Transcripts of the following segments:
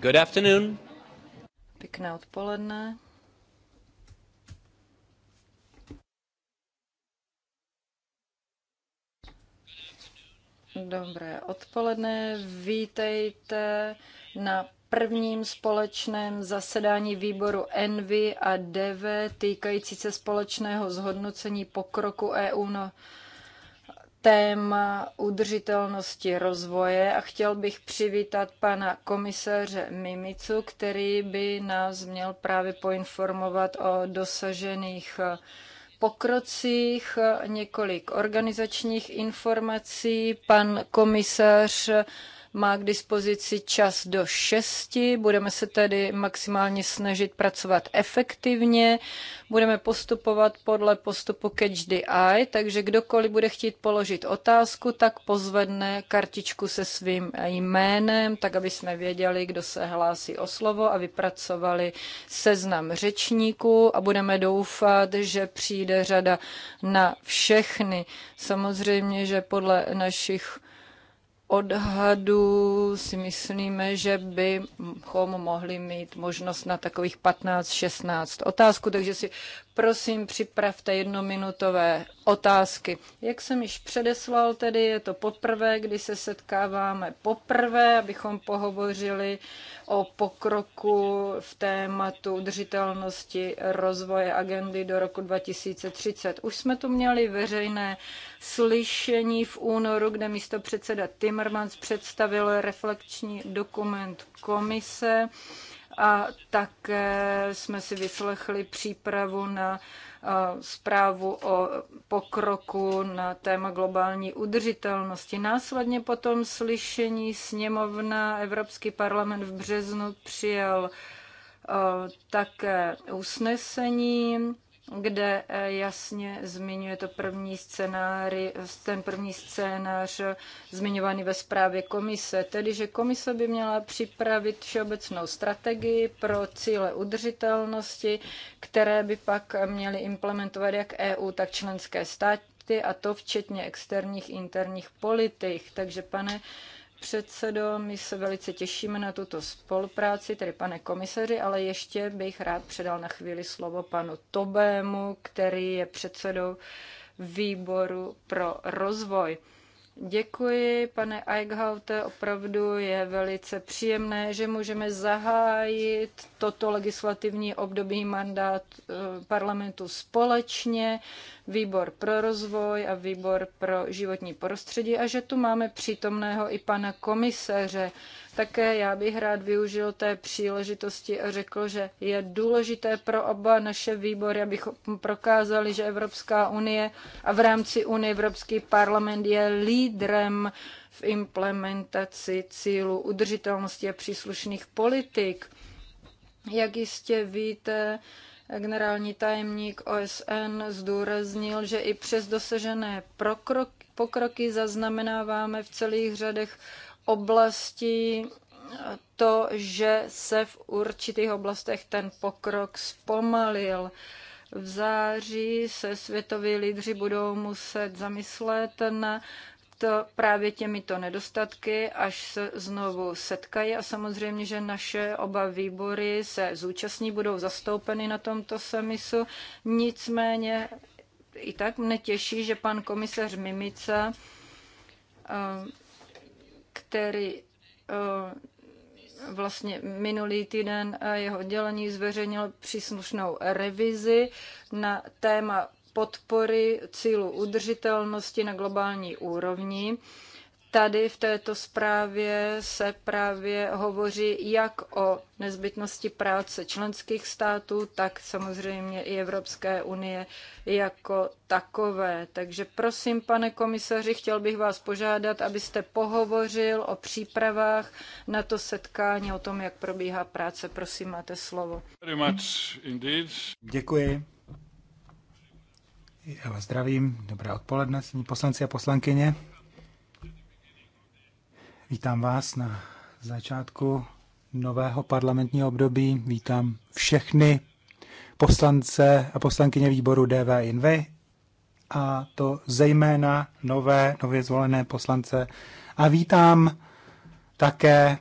Good afternoon. Pěkné odpoledne. Dobré odpoledne, vítejte na prvním společném zasedání výboru Envy a DV týkající se společného zhodnocení pokroku EU na no téma udržitelnosti rozvoje a chtěl bych přivítat pana komisaře Mimicu, který by nás měl právě poinformovat o dosažených pokrocích, několik organizačních informací. Pan komisař má k dispozici čas do šesti. Budeme se tedy maximálně snažit pracovat efektivně. Budeme postupovat podle postupu Catch the Eye, takže kdokoliv bude chtít položit otázku, tak pozvedne kartičku se svým jménem, tak aby jsme věděli, kdo se hlásí o slovo a vypracovali seznam řečníků a budeme doufat, že přijde řada na všechny. Samozřejmě, že podle našich odhadu si myslíme, že bychom mohli mít možnost na takových 15-16 otázku, takže si Prosím, připravte jednominutové otázky. Jak jsem již předeslal, tedy je to poprvé, kdy se setkáváme poprvé, abychom pohovořili o pokroku v tématu udržitelnosti rozvoje agendy do roku 2030. Už jsme tu měli veřejné slyšení v únoru, kde místo předseda Timmermans představil reflekční dokument komise a také jsme si vyslechli přípravu na eh, zprávu o pokroku na téma globální udržitelnosti. Následně potom slyšení sněmovna Evropský parlament v březnu přijal eh, také usnesení kde eh, jasně zmiňuje to první scénáři, ten první scénář eh, zmiňovaný ve zprávě komise, tedy že komise by měla připravit všeobecnou strategii pro cíle udržitelnosti, které by pak měly implementovat jak EU, tak členské státy, a to včetně externích interních politik. Takže pane předsedo. My se velice těšíme na tuto spolupráci, tedy pane komisaři, ale ještě bych rád předal na chvíli slovo panu Tobému, který je předsedou výboru pro rozvoj. Děkuji, pane Eichhaute, opravdu je velice příjemné, že můžeme zahájit toto legislativní období mandát eh, parlamentu společně, výbor pro rozvoj a výbor pro životní prostředí a že tu máme přítomného i pana komisaře. Také já bych rád využil té příležitosti a řekl, že je důležité pro oba naše výbory, abychom prokázali, že Evropská unie a v rámci Unie Evropský parlament je lídrem v implementaci cílu udržitelnosti a příslušných politik. Jak jistě víte, generální tajemník OSN zdůraznil, že i přes dosažené pokroky zaznamenáváme v celých řadech oblasti to, že se v určitých oblastech ten pokrok zpomalil. V září se světoví lídři budou muset zamyslet na to právě těmito nedostatky, až se znovu setkají a samozřejmě, že naše oba výbory se zúčastní, budou zastoupeny na tomto semisu. Nicméně i tak mne těší, že pan komisař Mimica eh, který eh, vlastně minulý týden eh, jeho oddělení zveřejnil příslušnou revizi na téma podpory cílu udržitelnosti na globální úrovni. Tady v této zprávě se právě hovoří jak o nezbytnosti práce členských států, tak samozřejmě i Evropské unie jako takové. Takže prosím, pane komisaři, chtěl bych vás požádat, abyste pohovořil o přípravách na to setkání, o tom, jak probíhá práce. Prosím, máte slovo. Děkuji. Já vás zdravím. Dobré odpoledne, poslanci a poslankyně. Vítám vás na začátku nového parlamentního období. Vítám všechny poslance a poslankyně výboru DV Invy a to zejména nové, nově zvolené poslance. A vítám také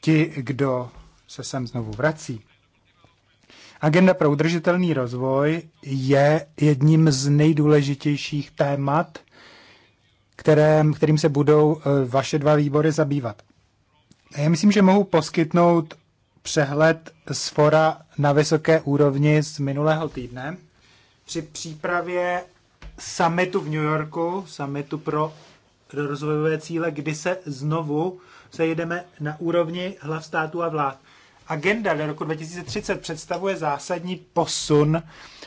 ti, kdo se sem znovu vrací. Agenda pro udržitelný rozvoj je jedním z nejdůležitějších témat kterém, kterým se budou eh, vaše dva výbory zabývat. Já myslím, že mohu poskytnout přehled z fora na vysoké úrovni z minulého týdne při přípravě summitu v New Yorku, summitu pro rozvojové cíle, kdy se znovu sejdeme na úrovni hlav států a vlád agenda do roku 2030 představuje zásadní posun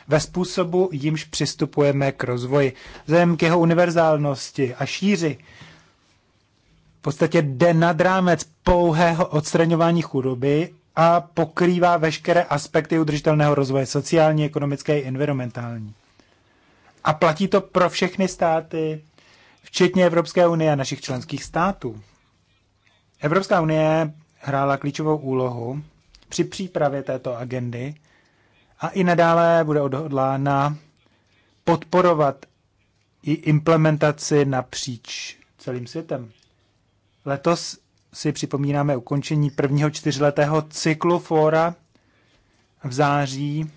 ve způsobu, jimž přistupujeme k rozvoji. Vzhledem k jeho univerzálnosti a šíři v podstatě jde nad rámec pouhého odstraňování chudoby a pokrývá veškeré aspekty udržitelného rozvoje, sociální, ekonomické i environmentální. A platí to pro všechny státy, včetně Evropské unie a našich členských států. Evropská unie hrála klíčovou úlohu při přípravě této agendy a i nadále bude odhodlána podporovat i implementaci napříč celým světem. Letos si připomínáme ukončení prvního čtyřletého cyklu fóra. V září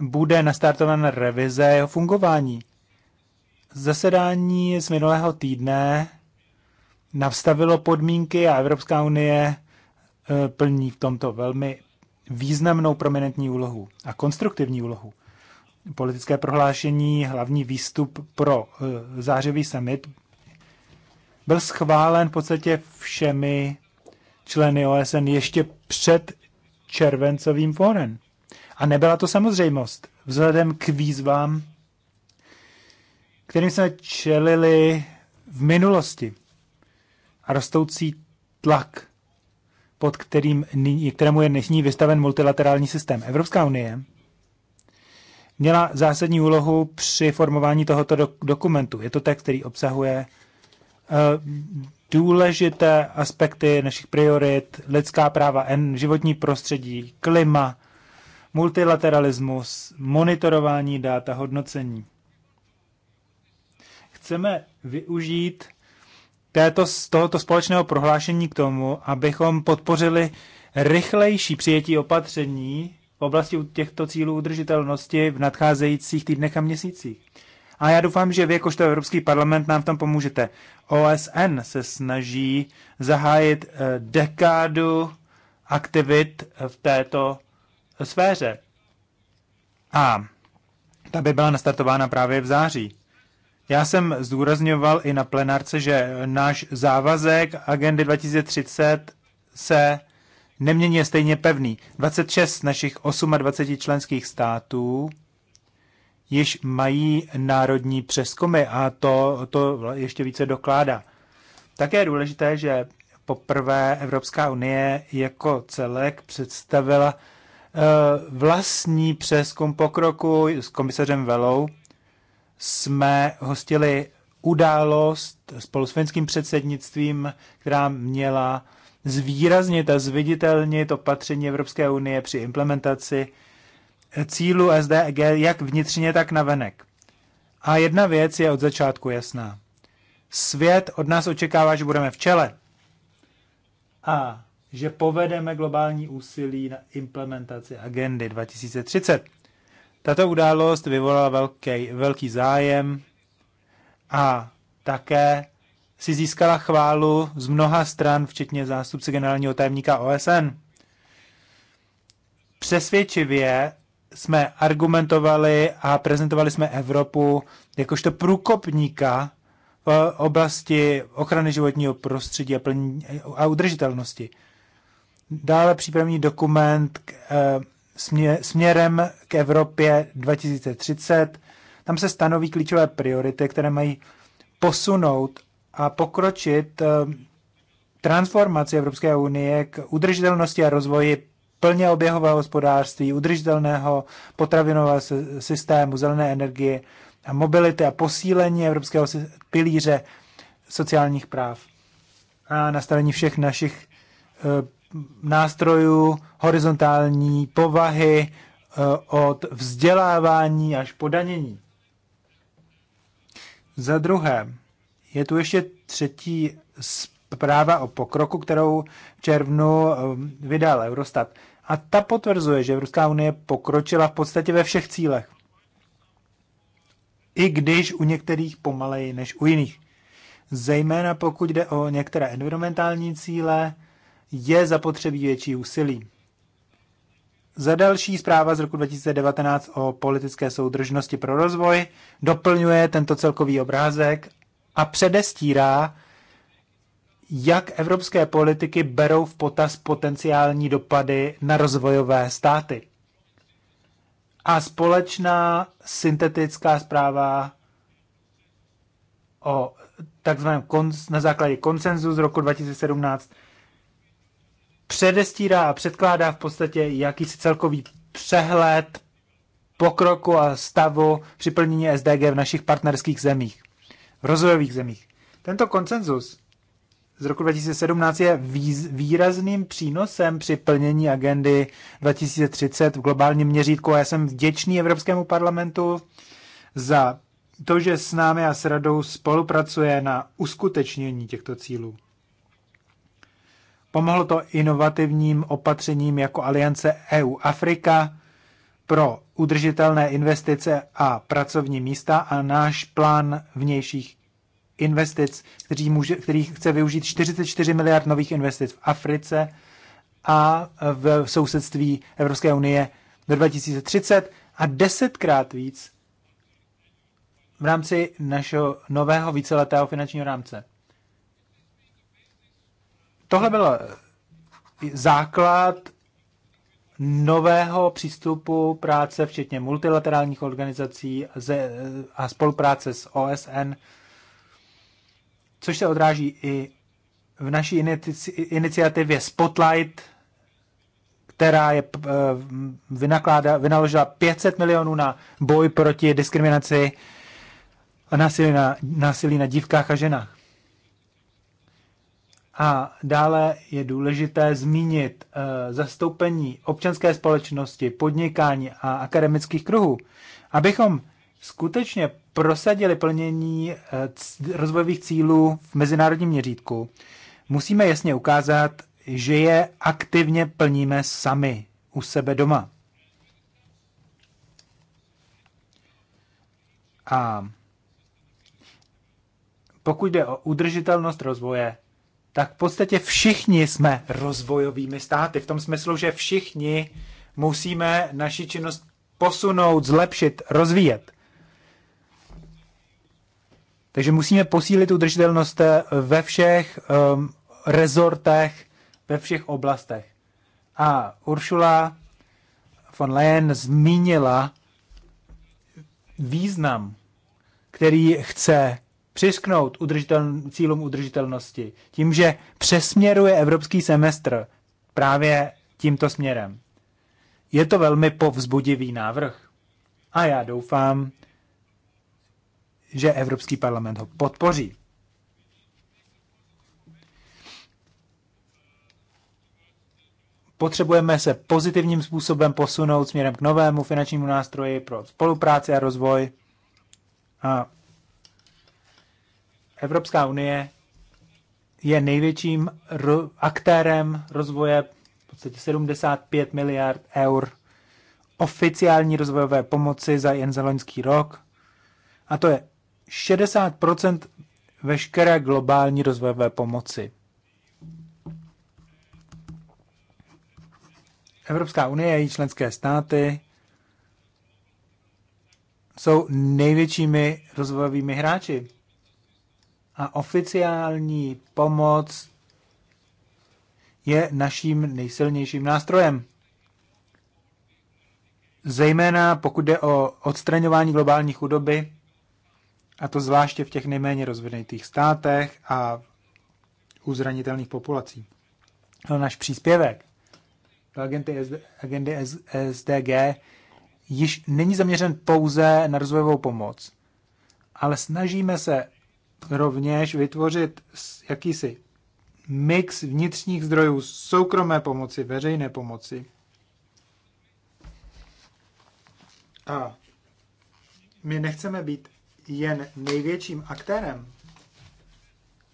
bude nastartována revize jeho fungování. Zasedání z minulého týdne navstavilo podmínky a Evropská unie Eh, plní v tomto velmi významnou prominentní úlohu a konstruktivní úlohu. Politické prohlášení, hlavní výstup pro eh, zářivý summit byl schválen v podstatě všemi členy OSN ještě před červencovým fórem. A nebyla to samozřejmost, vzhledem k výzvám, kterým jsme čelili v minulosti a rostoucí tlak pod kterým, kterému je dnešní vystaven multilaterální systém. Evropská unie měla zásadní úlohu při formování tohoto do, dokumentu. Je to text, který obsahuje uh, důležité aspekty našich priorit, lidská práva, en, životní prostředí, klima, multilateralismus, monitorování dát a hodnocení. Chceme využít této, z tohoto společného prohlášení k tomu, abychom podpořili rychlejší přijetí opatření v oblasti těchto cílů udržitelnosti v nadcházejících týdnech a měsících. A já doufám, že vy, jakožto Evropský parlament, nám v tom pomůžete. OSN se snaží zahájit eh, dekádu aktivit v této sféře. A ta by byla nastartována právě v září. Já jsem zdůrazňoval i na plenárce, že náš závazek agendy 2030 se nemění je stejně pevný. 26 z našich 28 členských států již mají národní přeskumy a to, to ještě více dokládá. Také je důležité, že poprvé Evropská unie jako celek představila eh, vlastní přeskum pokroku s komisařem Velou jsme hostili událost spolu s finským předsednictvím, která měla zvýraznit a zviditelnit opatření Evropské unie při implementaci cílu SDG jak vnitřně, tak na venek. A jedna věc je od začátku jasná. Svět od nás očekává, že budeme v čele a že povedeme globální úsilí na implementaci agendy 2030. Tato událost vyvolala velký, velký zájem a také si získala chválu z mnoha stran, včetně zástupce generálního tajemníka OSN. Přesvědčivě jsme argumentovali a prezentovali jsme Evropu jakožto průkopníka v oblasti ochrany životního prostředí a, plní, a udržitelnosti. Dále přípravný dokument k eh, směrem k Evropě 2030. Tam se stanoví klíčové priority, které mají posunout a pokročit eh, transformaci Evropské unie k udržitelnosti a rozvoji plně oběhového hospodářství, udržitelného potravinového systému, zelené energie a mobility a posílení evropského pilíře sociálních práv a nastavení všech našich eh, nástrojů horizontální povahy eh, od vzdělávání až po danění. Za druhé, je tu ještě třetí zpráva o pokroku, kterou v červnu eh, vydal Eurostat. A ta potvrzuje, že Evropská unie pokročila v podstatě ve všech cílech. I když u některých pomaleji než u jiných. Zejména pokud jde o některé environmentální cíle, je zapotřebí větší úsilí. Za další zpráva z roku 2019 o politické soudržnosti pro rozvoj doplňuje tento celkový obrázek a předestírá, jak evropské politiky berou v potaz potenciální dopady na rozvojové státy. A společná syntetická zpráva o takzvaném na základě konsenzu z roku 2017 předestírá a předkládá v podstatě jakýsi celkový přehled pokroku a stavu při plnění SDG v našich partnerských zemích, v rozvojových zemích. Tento konsenzus z roku 2017 je výrazným přínosem při plnění agendy 2030 v globálním měřítku a já jsem vděčný Evropskému parlamentu za to, že s námi a s radou spolupracuje na uskutečnění těchto cílů. Pomohlo to inovativním opatřením jako aliance EU-Afrika pro udržitelné investice a pracovní místa a náš plán vnějších investic, který, může, který chce využít 44 miliard nových investic v Africe a v sousedství Evropské unie do 2030 a desetkrát víc v rámci našeho nového víceletého finančního rámce. Tohle byl eh, základ nového přístupu práce, včetně multilaterálních organizací eh, a spolupráce s OSN, což se odráží i v naší iniciativě Spotlight, která je eh, vynaložila 500 milionů na boj proti diskriminaci a násilí na, násilí na dívkách a ženách. A dále je důležité zmínit eh, zastoupení občanské společnosti, podnikání a akademických kruhů, abychom skutečně prosadili plnění eh, rozvojových cílů v mezinárodním měřítku, musíme jasně ukázat, že je aktivně plníme sami u sebe doma. A pokud jde o udržitelnost rozvoje, tak v podstatě všichni jsme rozvojovými státy. V tom smyslu, že všichni musíme naši činnost posunout, zlepšit, rozvíjet. Takže musíme posílit udržitelnost eh, ve všech um, rezortech, ve všech oblastech. A Uršula von Leyen zmínila význam, který chce přisknout udržitel, cílům udržitelnosti tím, že přesměruje evropský semestr právě tímto směrem. Je to velmi povzbudivý návrh a já doufám, že Evropský parlament ho podpoří. Potřebujeme se pozitivním způsobem posunout směrem k novému finančnímu nástroji pro spolupráci a rozvoj. A Evropská unie je největším ro- aktérem rozvoje v podstatě 75 miliard eur oficiální rozvojové pomoci za jen za loňský rok. A to je 60 veškeré globální rozvojové pomoci. Evropská unie a její členské státy jsou největšími rozvojovými hráči a oficiální pomoc je naším nejsilnějším nástrojem. Zejména pokud jde o odstraňování globální chudoby, a to zvláště v těch nejméně rozvinutých státech a u zranitelných populací. No, náš příspěvek do agendy, SD, agendy SDG již není zaměřen pouze na rozvojovou pomoc, ale snažíme se rovněž vytvořit jakýsi mix vnitřních zdrojů soukromé pomoci, veřejné pomoci. A my nechceme být jen největším aktérem,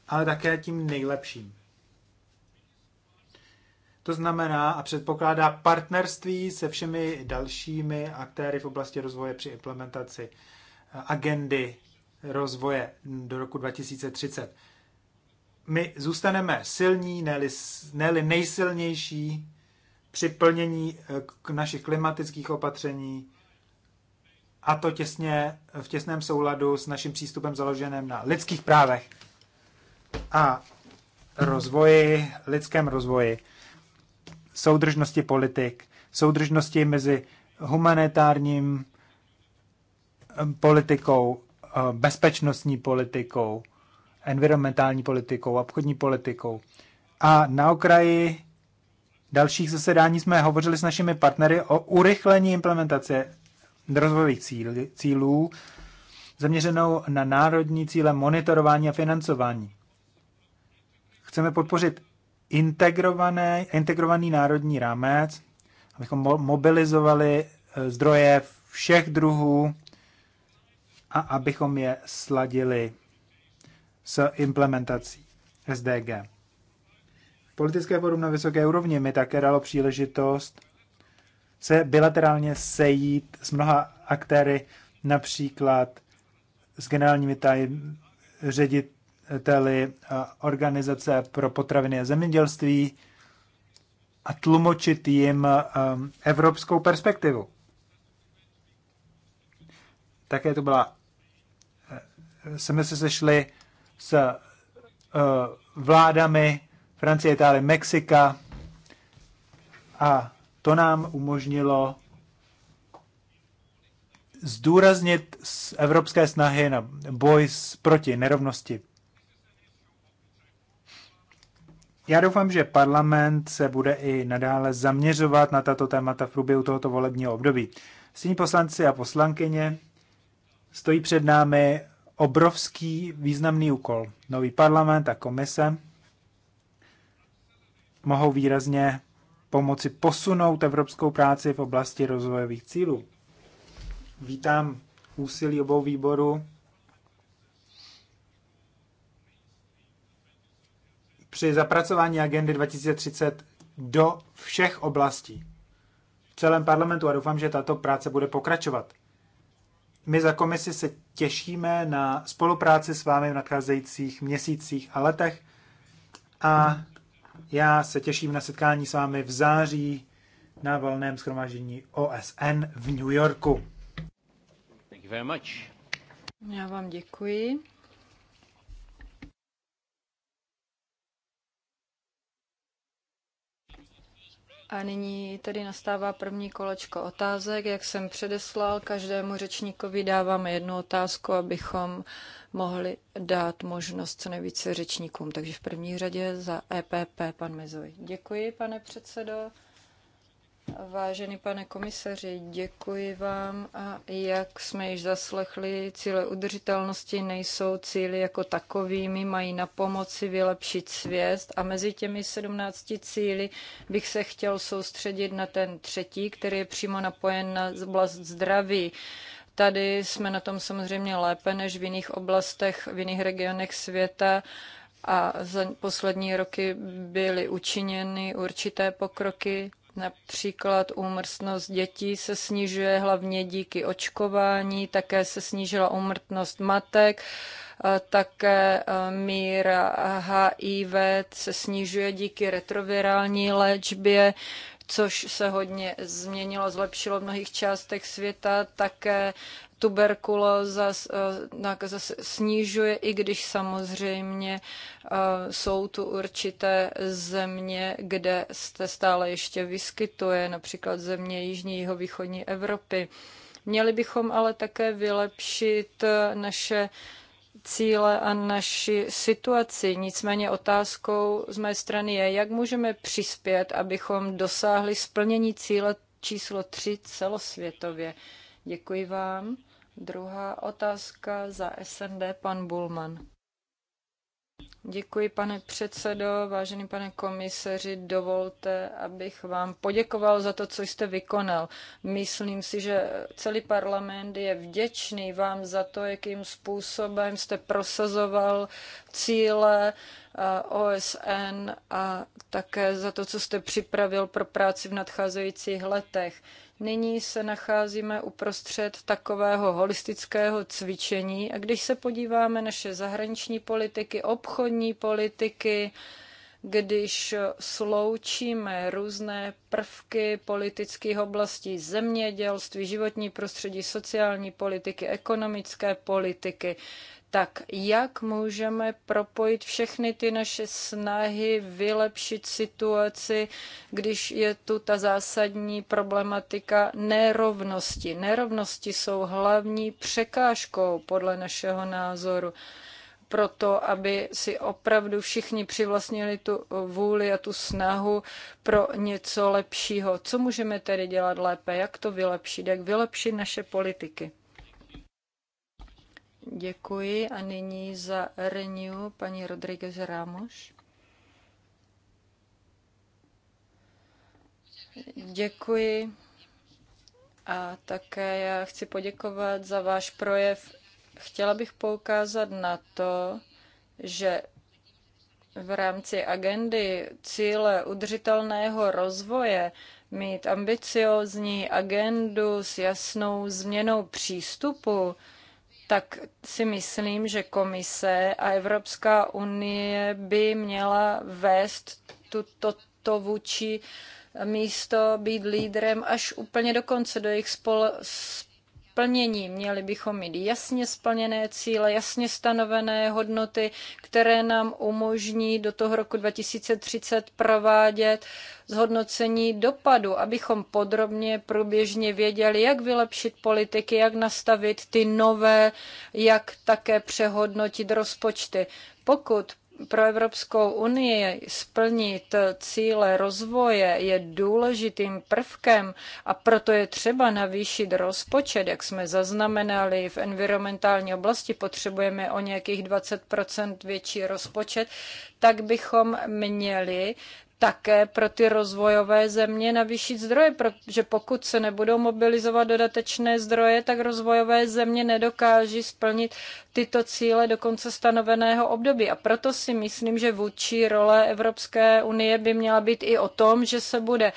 ale také tím nejlepším. To znamená a předpokládá partnerství se všemi dalšími aktéry v oblasti rozvoje při implementaci agendy rozvoje do roku 2030. My zůstaneme silní, ne-li, ne-li nejsilnější při plnění eh, našich klimatických opatření a to těsně, v těsném souladu s naším přístupem založeným na lidských právech a rozvoji, lidském rozvoji, soudržnosti politik, soudržnosti mezi humanitárním eh, politikou Eh, bezpečnostní politikou, environmentální politikou, obchodní politikou. A na okraji dalších zasedání jsme hovořili s našimi partnery o urychlení implementace rozvojových cíl, cílů zaměřenou na národní cíle monitorování a financování. Chceme podpořit integrované, integrovaný národní rámec, abychom mobilizovali eh, zdroje všech druhů a abychom je sladili s implementací SDG. Politické forum na vysoké úrovni mi také dalo příležitost se bilaterálně sejít s mnoha aktéry, například s generálními taj řediteli Organizace pro potraviny a zemědělství a tlumočit jim um, evropskou perspektivu. Také to byla jsme se sešli s eh, vládami Francie, Itálie, Mexika a to nám umožnilo zdůraznit evropské snahy na boj s, proti nerovnosti. Já doufám, že parlament se bude i nadále zaměřovat na tato témata v průběhu tohoto volebního období. Sní poslanci a poslankyně stojí před námi obrovský významný úkol. Nový parlament a komise mohou výrazně pomoci posunout evropskou práci v oblasti rozvojových cílů. Vítám úsilí obou výborů při zapracování agendy 2030 do všech oblastí v celém parlamentu a doufám, že tato práce bude pokračovat. My za komisi se těšíme na spolupráci s vámi v nadcházejících měsících a letech a já se těším na setkání s vámi v září na volném schromáždění OSN v New Yorku. Thank you very much. Já vám děkuji. A nyní tedy nastává první kolečko otázek. Jak jsem předeslal, každému řečníkovi dáváme jednu otázku, abychom mohli dát možnost co nejvíce řečníkům. Takže v první řadě za EPP pan Mezoj. Děkuji, pane předsedo. Vážený pane komisaři, děkuji vám a jak jsme již zaslechli, cíle udržitelnosti nejsou cíly jako takovými, mají na pomoci vylepšit svět a mezi těmi 17 cíly bych se chtěl soustředit na ten třetí, který je přímo napojen na oblast zdraví. Tady jsme na tom samozřejmě lépe než v jiných oblastech, v jiných regionech světa a za poslední roky byly učiněny určité pokroky Například úmrtnost dětí se snižuje hlavně díky očkování, také se snížila úmrtnost matek, také míra HIV se snižuje díky retrovirální léčbě, což se hodně změnilo, zlepšilo v mnohých částech světa. Také tuberkulóza eh, nákaza se snižuje, i když samozřejmě eh, jsou tu určité země, kde se stále ještě vyskytuje, například země Jižní a východní Evropy. Měli bychom ale také vylepšit eh, naše cíle a naši situaci. Nicméně otázkou z mé strany je, jak můžeme přispět, abychom dosáhli splnění cíle číslo 3 celosvětově. Děkuji vám. Druhá otázka za SND, pan Bulman. Děkuji, pane předsedo, vážený pane komiseři, dovolte, abych vám poděkoval za to, co jste vykonal. Myslím si, že celý parlament je vděčný vám za to, jakým způsobem jste prosazoval cíle OSN a také za to, co jste připravil pro práci v nadcházejících letech. Nyní se nacházíme uprostřed takového holistického cvičení a když se podíváme naše zahraniční politiky, obchodní politiky, když sloučíme různé prvky politických oblastí, zemědělství, životní prostředí, sociální politiky, ekonomické politiky, tak jak můžeme propojit všechny ty naše snahy vylepšit situaci, když je tu ta zásadní problematika nerovnosti. Nerovnosti jsou hlavní překážkou podle našeho názoru pro to, aby si opravdu všichni přivlastnili tu vůli a tu snahu pro něco lepšího. Co můžeme tedy dělat lépe? Jak to vylepšit? Jak vylepšit naše politiky? Děkuji a nyní za Renew paní Rodriguez Ramos. Děkuji a také já chci poděkovat za váš projev. Chtěla bych poukázat na to, že v rámci agendy cíle udržitelného rozvoje mít ambiciozní agendu s jasnou změnou přístupu, tak si myslím, že komise a Evropská unie by měla vést tuto to vůči místo být lídrem až úplně do konce, do jejich spol, plnění. Měli bychom mít jasně splněné cíle, jasně stanovené hodnoty, které nám umožní do toho roku 2030 provádět zhodnocení dopadu, abychom podrobně, průběžně věděli, jak vylepšit politiky, jak nastavit ty nové, jak také přehodnotit rozpočty. Pokud pro Evropskou unii splnit cíle rozvoje je důležitým prvkem a proto je třeba navýšit rozpočet, jak jsme zaznamenali v environmentální oblasti, potřebujeme o nějakých 20 větší rozpočet, tak bychom měli také pro ty rozvojové země navýšit zdroje, protože pokud se nebudou mobilizovat dodatečné zdroje, tak rozvojové země nedokáží splnit tyto cíle do konce stanoveného období. A proto si myslím, že vůči role Evropské unie by měla být i o tom, že se bude,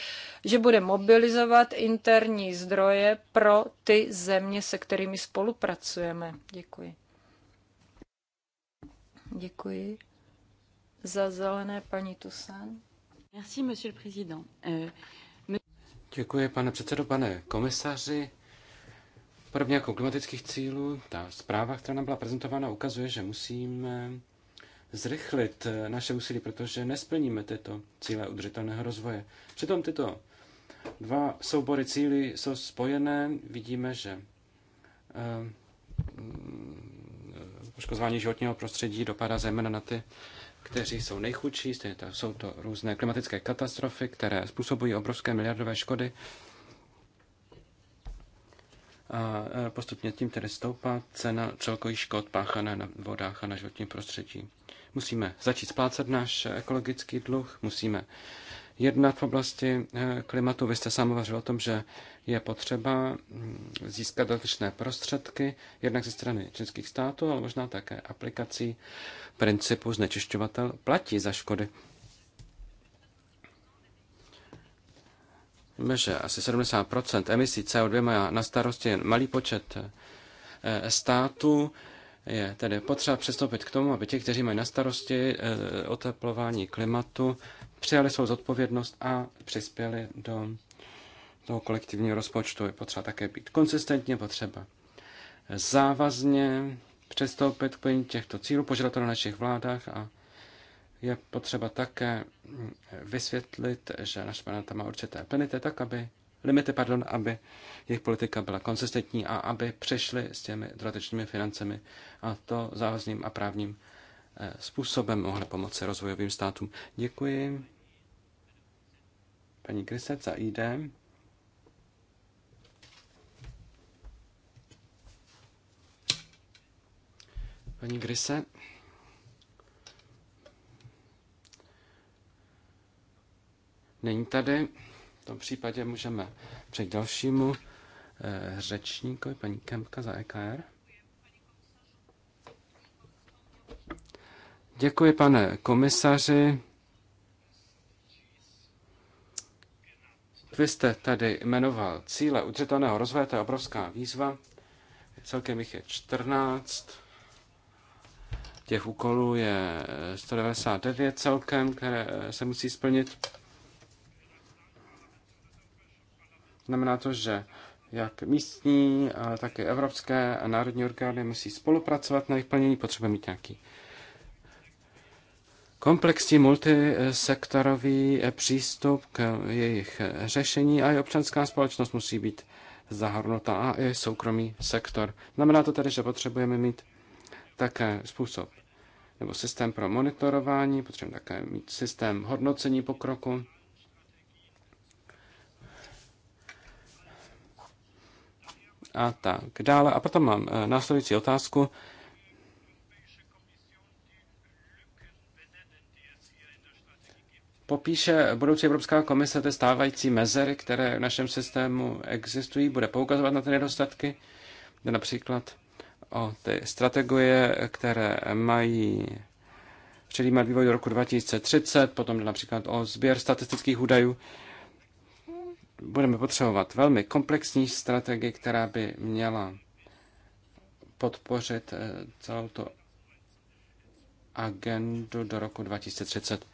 že bude mobilizovat interní zdroje pro ty země, se kterými spolupracujeme. Děkuji. Děkuji. Za zelené paní Tusan. Merci, monsieur le président. Euh, Děkuji, pane předsedo, pane komisaři. Podobně jako klimatických cílů, ta zpráva, která nám byla prezentována, ukazuje, že musíme zrychlit eh, naše úsilí, protože nesplníme tyto cíle udržitelného rozvoje. Přitom tyto dva soubory cíly jsou spojené. Vidíme, že eh, mm, eh, poškozování životního prostředí dopadá zejména na ty kteří jsou nejchudší, jsou to různé klimatické katastrofy, které způsobují obrovské miliardové škody. A e, postupně tím tedy stoupá cena celkových škod páchané na vodách a na životním prostředí. Musíme začít splácet náš ekologický dluh, musíme jednat v oblasti eh, klimatu. Vy jste sám hovořil o tom, že je potřeba mm, získat dotyčné prostředky, jednak ze strany českých států, ale možná také aplikací principu znečišťovatel platí za škody. Víme, že asi 70 emisí CO2 má na starosti jen malý počet eh, států. Je tedy potřeba přistoupit k tomu, aby ti, kteří mají na starosti eh, oteplování klimatu, přijali svou zodpovědnost a přispěli do toho kolektivního rozpočtu. Je potřeba také být konsistentně, potřeba závazně přestoupit k plnění těchto cílů, požadat na našich vládách a je potřeba také vysvětlit, že naše planeta má určité penity, tak aby limity, pardon, aby jejich politika byla konsistentní a aby přešly s těmi dodatečnými financemi a to závazným a právním Eh, způsobem mohla pomoci rozvojovým státům. Děkuji. Paní Krysec za ID. Paní Gryse. Není tady. V tom případě můžeme přejít dalšímu eh, řečníkovi, paní Kempka za EKR. Děkuji, pane komisaři. Vy jste tady jmenoval cíle udržitelného rozvoje, to je obrovská výzva. Celkem jich je 14. Těch úkolů je 199 celkem, které se musí splnit. Znamená to, že jak místní, tak i evropské a národní orgány musí spolupracovat na jejich plnění. Potřebujeme mít nějaký komplexní multisektorový eh, přístup k eh, jejich eh, řešení a i občanská společnost musí být zahrnuta a i soukromý sektor. Znamená to tedy, že potřebujeme mít také způsob nebo systém pro monitorování, potřebujeme také mít systém hodnocení pokroku. A tak dále. A potom mám následující otázku. popíše budoucí Evropská komise ty stávající mezery, které v našem systému existují, bude poukazovat na ty nedostatky, například o ty strategie, které mají předjímat vývoj do roku 2030, potom například o sběr statistických údajů. Budeme potřebovat velmi komplexní strategii, která by měla podpořit eh, celou tu agendu do roku 2030.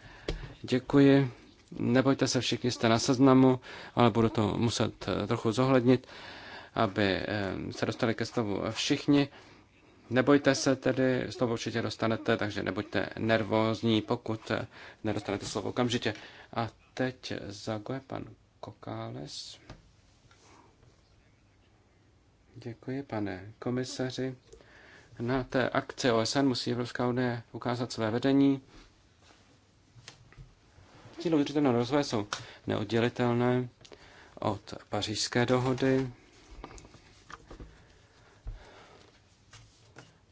Děkuji. Nebojte se, všichni jste na seznamu, ale budu to muset eh, trochu zohlednit, aby eh, se dostali ke slovu všichni. Nebojte se tedy, slovo určitě dostanete, takže nebuďte nervózní, pokud eh, nedostanete slovo okamžitě. A teď zaguje pan Kokáles. Děkuji, pane komisaři. Na té akci OSN musí Evropská unie ukázat své vedení. Cíle udržitelného rozvoje jsou neoddělitelné od pařížské dohody.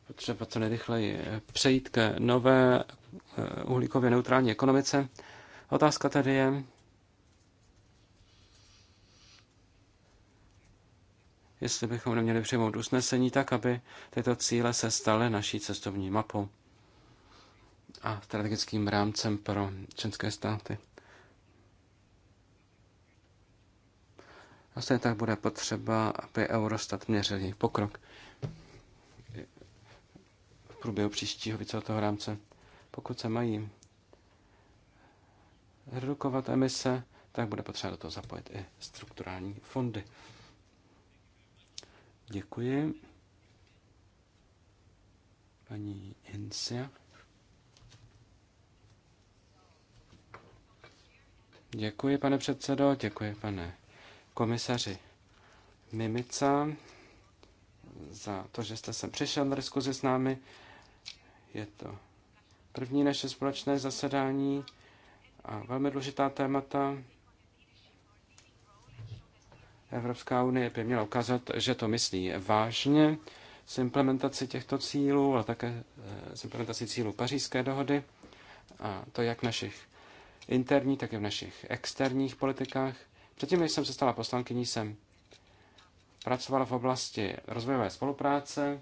Potřeba co nejrychleji přejít ke nové eh, uhlíkově neutrální ekonomice. Otázka tedy je, jestli bychom neměli přijmout usnesení tak, aby tyto cíle se staly naší cestovní mapou a strategickým rámcem pro členské státy. A stejně tak bude potřeba, aby Eurostat měřil jejich pokrok v průběhu příštího víceletého rámce. Pokud se mají redukovat emise, tak bude potřeba do toho zapojit i strukturální fondy. Děkuji. Paní Hensia. Děkuji, pane předsedo, děkuji, pane komisaři Mimica, za to, že jste sem přišel na diskuzi s námi. Je to první naše společné zasedání a velmi důležitá témata. Evropská unie by měla ukázat, že to myslí vážně s implementací těchto cílů, ale také s implementací cílů pařížské dohody a to jak našich interní, tak i v našich externích politikách. Předtím, než jsem se stala poslankyní, jsem pracovala v oblasti rozvojové spolupráce,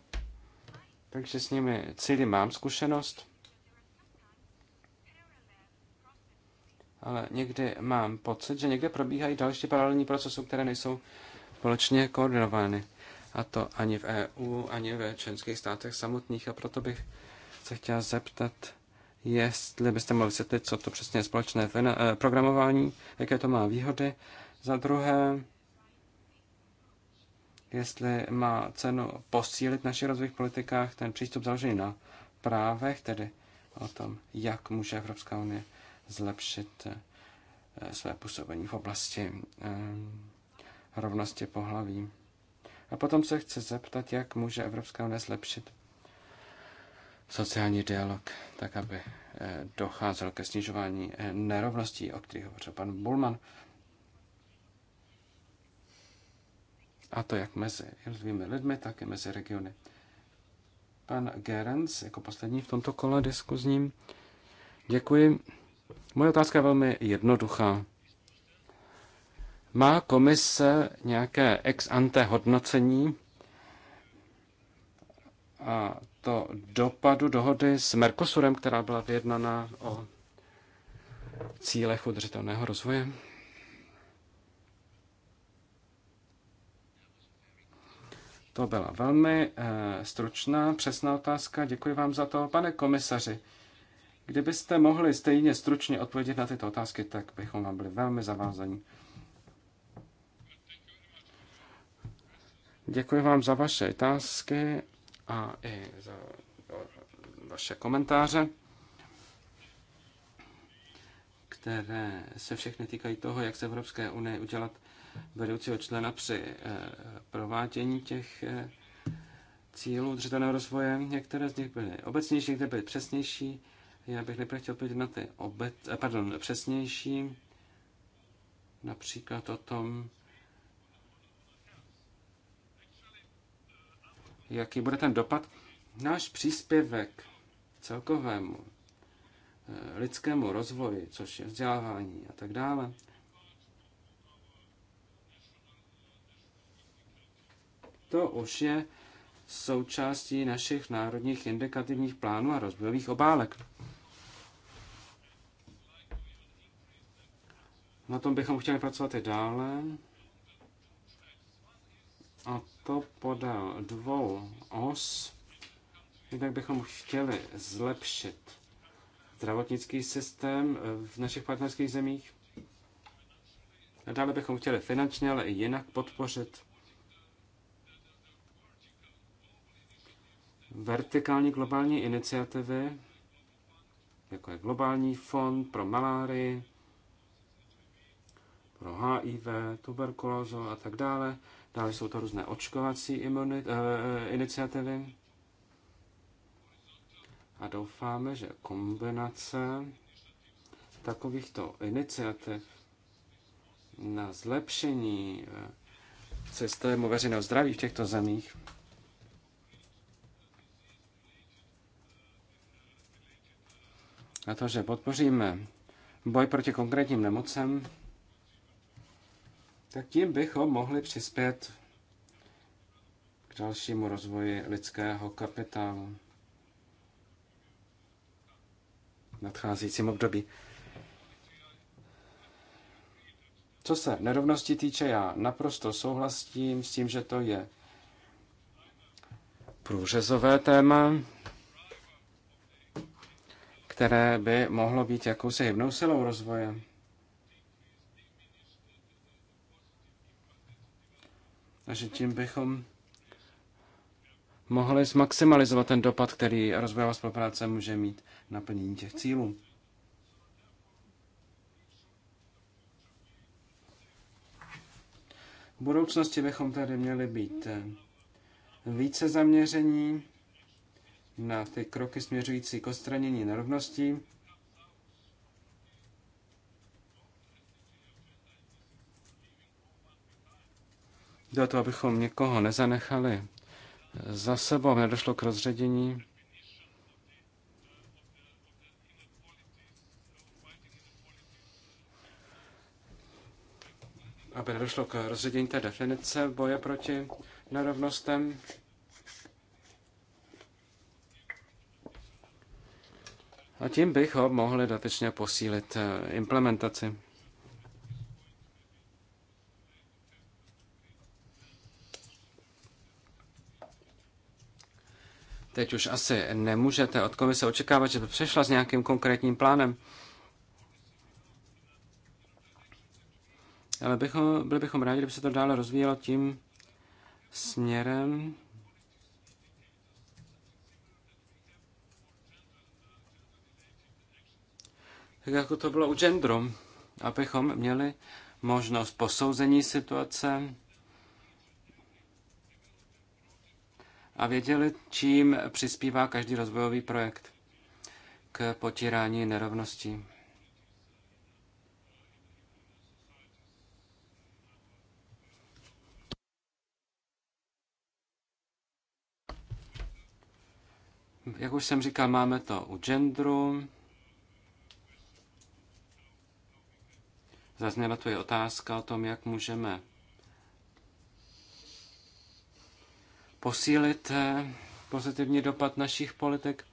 takže s nimi cíly mám zkušenost. Ale někdy mám pocit, že někde probíhají další paralelní procesy, které nejsou společně koordinovány. A to ani v EU, ani ve členských státech samotných. A proto bych se chtěla zeptat, jestli byste mohli vysvětlit, co to přesně je společné eh, programování, jaké to má výhody. Za druhé, jestli má cenu posílit v našich rozvojových politikách ten přístup založený na právech, tedy o tom, jak může Evropská unie zlepšit eh, své působení v oblasti eh, rovnosti pohlaví. A potom se chci zeptat, jak může Evropská unie zlepšit sociální dialog, tak aby eh, docházelo ke snižování eh, nerovností, o kterých hovořil pan Bulman. A to jak mezi jednotlivými lidmi, tak i mezi regiony. Pan Gerens, jako poslední v tomto kole diskuzním. Děkuji. Moje otázka je velmi jednoduchá. Má komise nějaké ex ante hodnocení a to dopadu dohody s Mercosurem, která byla vyjednaná o cílech udržitelného rozvoje. To byla velmi eh, stručná, přesná otázka. Děkuji vám za to, pane komisaři. Kdybyste mohli stejně stručně odpovědět na tyto otázky, tak bychom vám byli velmi zavázaní. Děkuji vám za vaše otázky a i za vaše komentáře, které se všechny týkají toho, jak se Evropské unie udělat vedoucího člena při eh, provádění těch eh, cílů udržitelného rozvoje. Některé z nich byly obecnější, některé byly přesnější. Já bych nejprve chtěl pojít na ty obec, eh, pardon, přesnější, například o tom, jaký bude ten dopad. Náš příspěvek celkovému eh, lidskému rozvoji, což je vzdělávání a tak dále, to už je součástí našich národních indikativních plánů a rozvojových obálek. Na tom bychom chtěli pracovat i dále. A to podél dvou os, jinak bychom chtěli zlepšit zdravotnický systém v našich partnerských zemích. A dále bychom chtěli finančně, ale i jinak podpořit vertikální globální iniciativy, jako je Globální fond pro malárii, pro HIV, tuberkulózu a tak dále. Dále jsou to různé očkovací imunit, eh, eh, iniciativy. A doufáme, že kombinace takovýchto iniciativ na zlepšení eh, systému veřejného zdraví v těchto zemích a to, že podpoříme boj proti konkrétním nemocem, tak tím bychom mohli přispět k dalšímu rozvoji lidského kapitálu v nadcházejícím období. Co se nerovnosti týče, já naprosto souhlasím s tím, že to je průřezové téma, které by mohlo být jakousi hybnou silou rozvoje. a že tím bychom mohli zmaximalizovat ten dopad, který rozvojová spolupráce může mít na plnění těch cílů. V budoucnosti bychom tady měli být eh, více zaměření na ty kroky směřující k odstranění nerovností Jde o to, abychom někoho nezanechali za sebou, aby nedošlo k rozředění. Aby nedošlo k rozředění té definice boje proti nerovnostem. A tím bychom mohli dotyčně posílit eh, implementaci. Teď už asi nemůžete od komise očekávat, že by přešla s nějakým konkrétním plánem. Ale bychom, byli bychom rádi, kdyby se to dále rozvíjelo tím směrem, tak jako to bylo u gendru, abychom měli možnost posouzení situace, a věděli, čím přispívá každý rozvojový projekt k potírání nerovností. Jak už jsem říkal, máme to u genderu. Zazněla tu je otázka o tom, jak můžeme posílit eh, pozitivní dopad našich politik.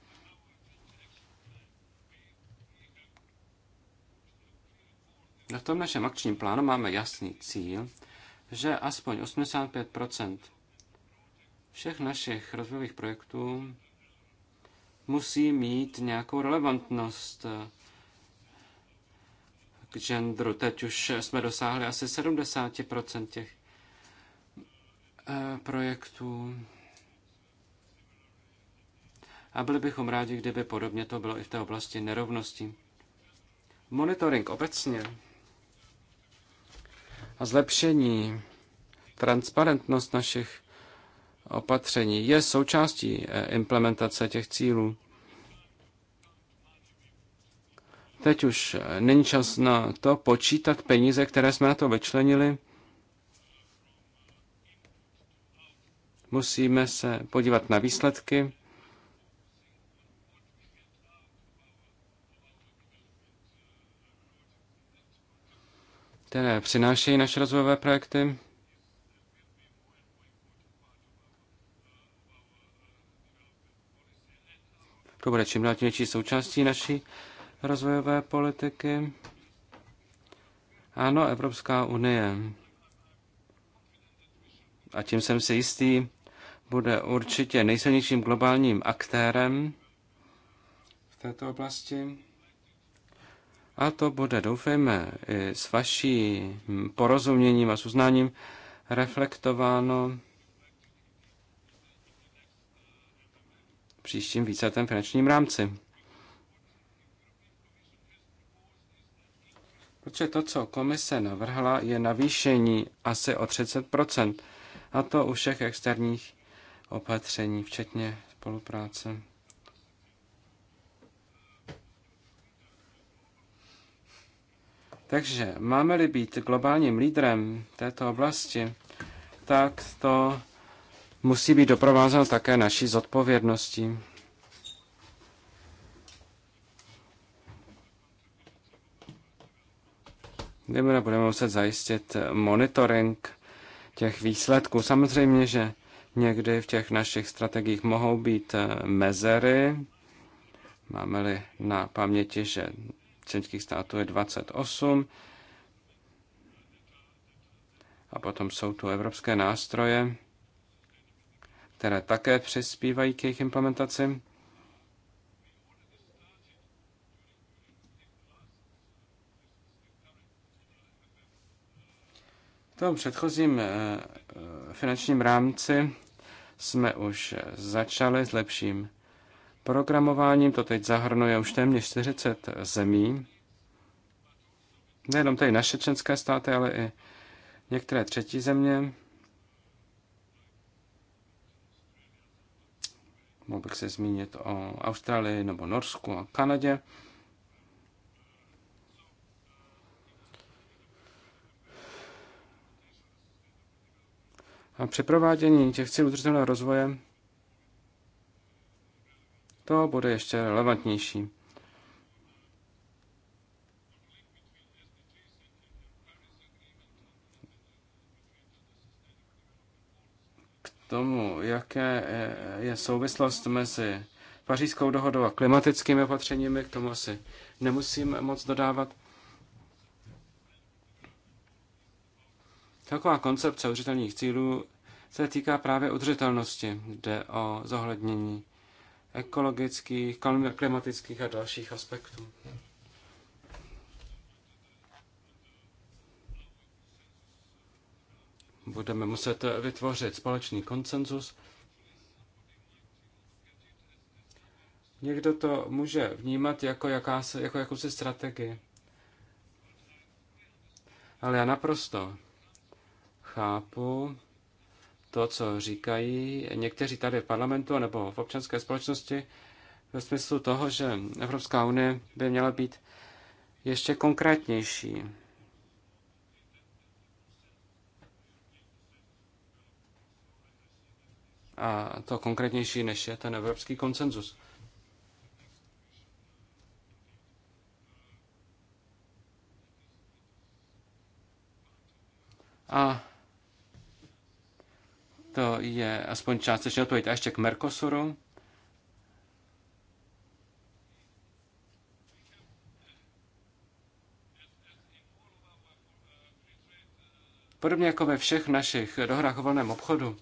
Na no, tom našem akčním plánu máme jasný cíl, že aspoň 85 všech našich rozvojových projektů musí mít nějakou relevantnost k genderu. Teď už jsme dosáhli asi 70 těch Eh, projektů. A byli bychom rádi, kdyby podobně to bylo i v té oblasti nerovností. Monitoring obecně a zlepšení transparentnost našich opatření je součástí eh, implementace těch cílů. Teď už eh, není čas na to počítat peníze, které jsme na to vyčlenili. Musíme se podívat na výsledky. které přinášejí naše rozvojové projekty. To bude čím dál větší součástí naší rozvojové politiky. Ano, Evropská unie. A tím jsem si jistý, bude určitě nejsilnějším globálním aktérem v této oblasti. A to bude, doufejme, i s vaší porozuměním a s uznáním reflektováno v příštím víceletém finančním rámci. Protože to, co komise navrhla, je navýšení asi o 30 a to u všech externích opatření, včetně spolupráce. Takže máme-li být globálním lídrem této oblasti, tak to musí být doprovázeno také naší zodpovědností. Kdyby budeme muset zajistit monitoring těch výsledků. Samozřejmě, že Někdy v těch našich strategiích mohou být eh, mezery. Máme-li na paměti, že členských států je 28 a potom jsou tu evropské nástroje, které také přispívají k jejich implementaci. tom předchozím eh, eh, finančním rámci jsme už začali s lepším programováním. To teď zahrnuje už téměř 40 zemí. Nejenom tady naše členské státy, ale i některé třetí země. Mohl bych se zmínit o Austrálii nebo Norsku a Kanadě. A při provádění těch cílů udržitelného rozvoje to bude ještě relevantnější. K tomu, jaké eh, je souvislost mezi pařížskou dohodou a klimatickými opatřeními, k tomu asi nemusím moc dodávat. Celková koncepce udržitelných cílů se týká právě udržitelnosti, jde o zohlednění ekologických, klimatických a dalších aspektů. Budeme muset vytvořit společný konsenzus. Někdo to může vnímat jako, jakási, jako jakousi strategii. Ale já naprosto chápu to, co říkají někteří tady v parlamentu nebo v občanské společnosti ve smyslu toho, že Evropská unie by měla být ještě konkrétnější. A to konkrétnější, než je ten evropský konsenzus. A to je aspoň částečně odpověď. A ještě k Mercosuru. Podobně jako ve všech našich dohrách o volném obchodu,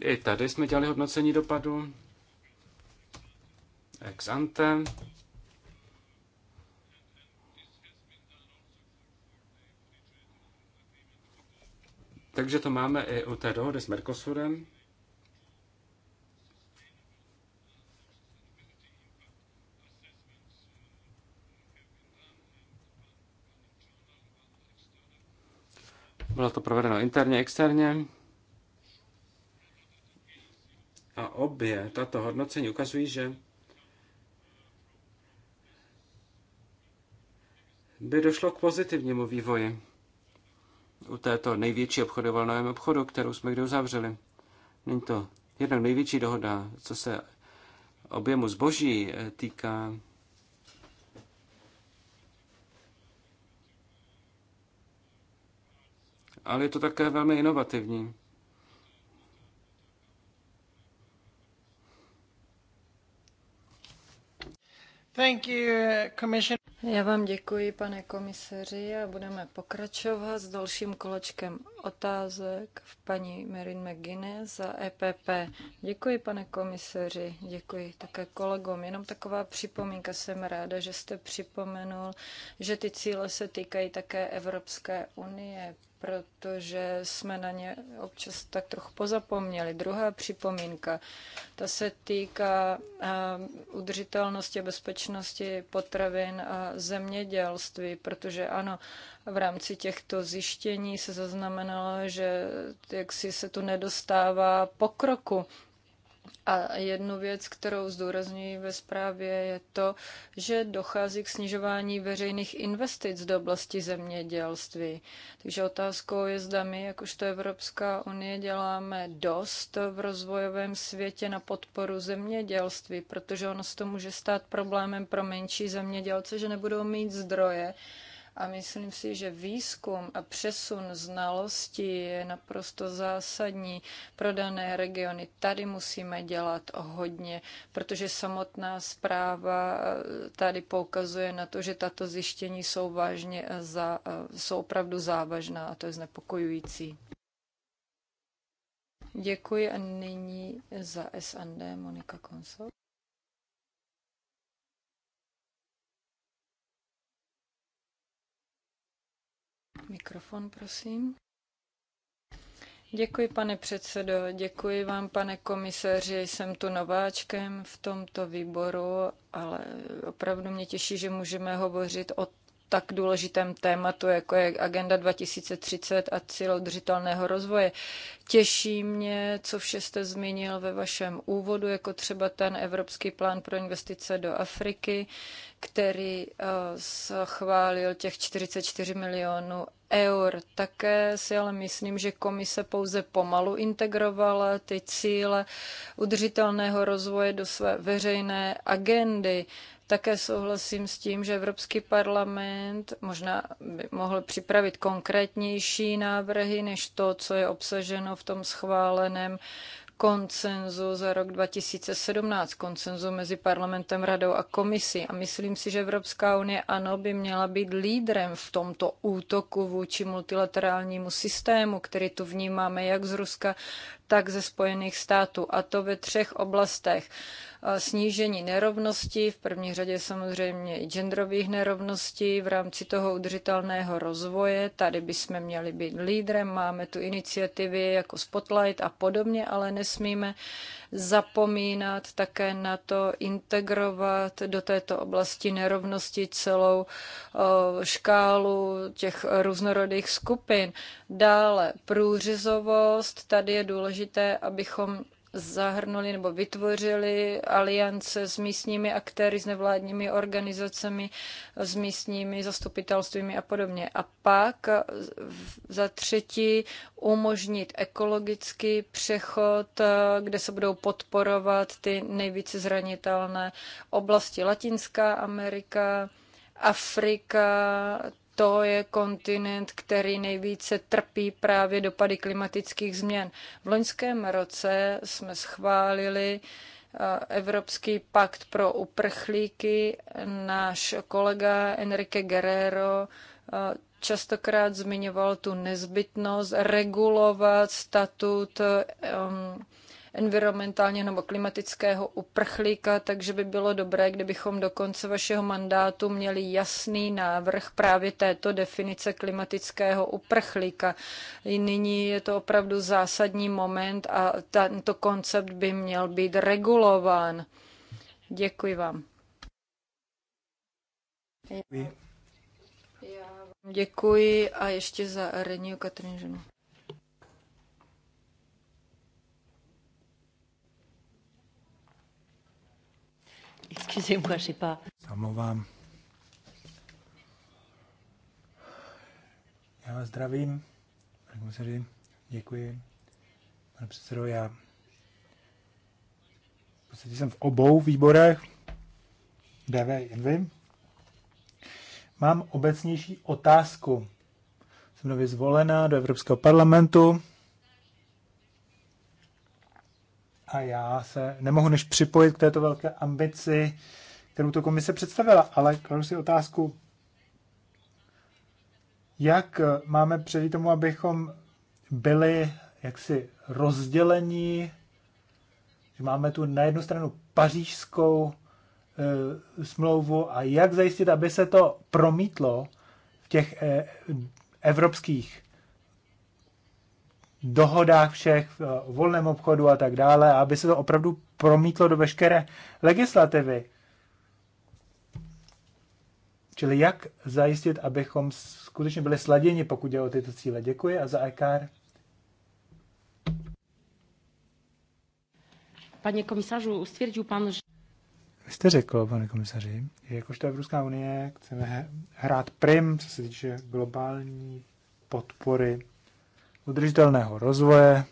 I tady jsme dělali hodnocení dopadu ex ante Takže to máme i u té dohody s Mercosurem. Bylo to provedeno interně, externě. A obě tato hodnocení ukazují, že by došlo k pozitivnímu vývoji u této největší obchodovalném obchodu, kterou jsme kdy uzavřeli. Není to jedna největší dohoda, co se objemu zboží eh, týká. Ale je to také velmi inovativní. Thank you, commission. Já vám děkuji, pane komisaři, a budeme pokračovat s dalším kolečkem otázek v paní Merin McGuinness za EPP. Děkuji, pane komisaři, děkuji také kolegům. Jenom taková připomínka, jsem ráda, že jste připomenul, že ty cíle se týkají také Evropské unie, protože jsme na ně občas tak trochu pozapomněli. Druhá připomínka, ta se týká eh, udržitelnosti a bezpečnosti bezpečnosti potravin a zemědělství, protože ano, v rámci těchto zjištění se zaznamenalo, že jaksi se tu nedostává pokroku a jednu věc, kterou zdůrazňuji ve zprávě, je to, že dochází k snižování veřejných investic do oblasti zemědělství. Takže otázkou je, zda my, jakožto Evropská unie, děláme dost v rozvojovém světě na podporu zemědělství, protože ono se to může stát problémem pro menší zemědělce, že nebudou mít zdroje a myslím si, že výzkum a přesun znalostí je naprosto zásadní pro dané regiony. Tady musíme dělat hodně, protože samotná zpráva eh, tady poukazuje na to, že tato zjištění jsou, vážně za, eh, jsou opravdu závažná a to je znepokojující. Děkuji a nyní za SND Monika Konsol. Mikrofon, prosím. Děkuji, pane předsedo, děkuji vám, pane komisaři. Jsem tu nováčkem v tomto výboru, ale opravdu mě těší, že můžeme hovořit o tak důležitém tématu, jako je Agenda 2030 a cíl udržitelného rozvoje. Těší mě, co vše jste zmínil ve vašem úvodu, jako třeba ten Evropský plán pro investice do Afriky, který eh, schválil těch 44 milionů eur. Také si ale myslím, že komise pouze pomalu integrovala ty cíle udržitelného rozvoje do své veřejné agendy. Také souhlasím s tím, že Evropský parlament možná by mohl připravit konkrétnější návrhy než to, co je obsaženo v tom schváleném koncenzu za rok 2017, koncenzu mezi parlamentem, radou a komisí. A myslím si, že Evropská unie ano by měla být lídrem v tomto útoku vůči multilaterálnímu systému, který tu vnímáme jak z Ruska, tak ze Spojených států. A to ve třech oblastech snížení nerovností, v první řadě samozřejmě i genderových nerovností v rámci toho udržitelného rozvoje. Tady bychom měli být lídrem, máme tu iniciativy jako Spotlight a podobně, ale nesmíme zapomínat také na to integrovat do této oblasti nerovnosti celou škálu těch různorodých skupin. Dále průřezovost, tady je důležité, abychom zahrnuli nebo vytvořili aliance s místními aktéry, s nevládními organizacemi, s místními zastupitelstvími a podobně. A pak za třetí umožnit ekologický přechod, kde se budou podporovat ty nejvíce zranitelné oblasti. Latinská Amerika, Afrika, to je kontinent, který nejvíce trpí právě dopady klimatických změn. V loňském roce jsme schválili eh, Evropský pakt pro uprchlíky. Náš kolega Enrique Guerrero eh, častokrát zmiňoval tu nezbytnost regulovat statut um, environmentálního nebo klimatického uprchlíka, takže by bylo dobré, kdybychom do konce vašeho mandátu měli jasný návrh právě této definice klimatického uprchlíka. Nyní je to opravdu zásadní moment a tento koncept by měl být regulován. Děkuji vám. Děkuji. a ještě za Reniu Katrinženu. Excusez-moi, je sais pas. Já vás zdravím, pane komisaři, děkuji. Pane předsedo, já v podstatě jsem v obou výborech, DV i NV. Mám obecnější otázku. Jsem nově zvolená do Evropského parlamentu a já se nemohu než připojit k této velké ambici, kterou to komise představila, ale kladu si otázku, jak máme přejít tomu, abychom byli jaksi rozdělení, že máme tu na jednu stranu pařížskou e, smlouvu a jak zajistit, aby se to promítlo v těch e, evropských dohodách všech, o eh, volném obchodu a tak dále, aby se to opravdu promítlo do veškeré legislativy. Čili jak zajistit, abychom skutečně byli sladěni, pokud jde o tyto cíle. Děkuji a za EKR. Pane komisařu, stvrdil pan, že... Vy jste řekl, pane komisaři, že jakožto Evropská unie chceme hrát prim, co se týče globální podpory udržitelného rozvoje,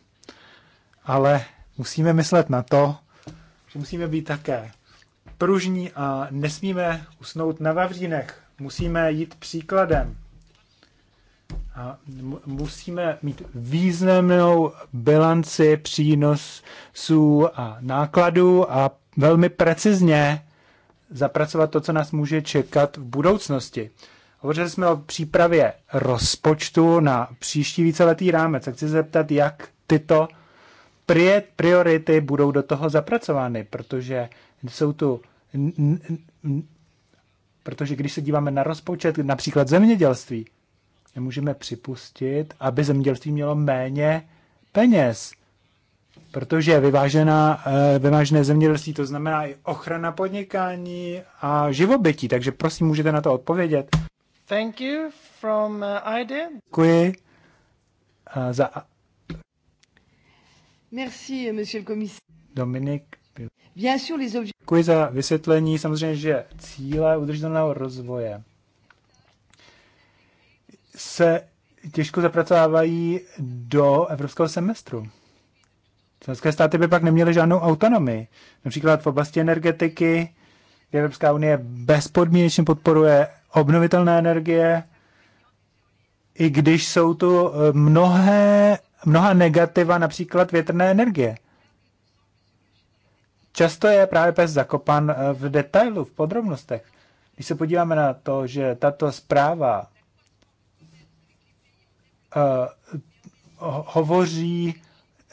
ale musíme myslet na to, že musíme být také pružní a nesmíme usnout na vavřínech. Musíme jít příkladem. A musíme mít významnou bilanci přínosů a nákladů a velmi precizně zapracovat to, co nás může čekat v budoucnosti. Hovořili jsme o přípravě rozpočtu na příští víceletý rámec. A se zeptat, jak tyto priority budou do toho zapracovány, protože jsou tu protože když se díváme na rozpočet například zemědělství, nemůžeme připustit, aby zemědělství mělo méně peněz, protože vyvážená, eh, vyvážené zemědělství to znamená i ochrana podnikání a živobytí, takže prosím, můžete na to odpovědět. Thank you from uh, ID. Děkuji uh, za... Merci, monsieur le commissaire. Dominik. Bien sûr, les objets... Děkuji za vysvětlení. Samozřejmě, že cíle udržitelného rozvoje se těžko zapracovávají do evropského semestru. Členské státy by pak neměly žádnou autonomii. Například v oblasti energetiky Evropská unie bezpodmínečně podporuje obnovitelné energie, i když jsou tu eh, mnohé, mnoha negativa, například větrné energie. Často je právě pes zakopan eh, v detailu, v podrobnostech. Když se podíváme na to, že tato zpráva uh, hovoří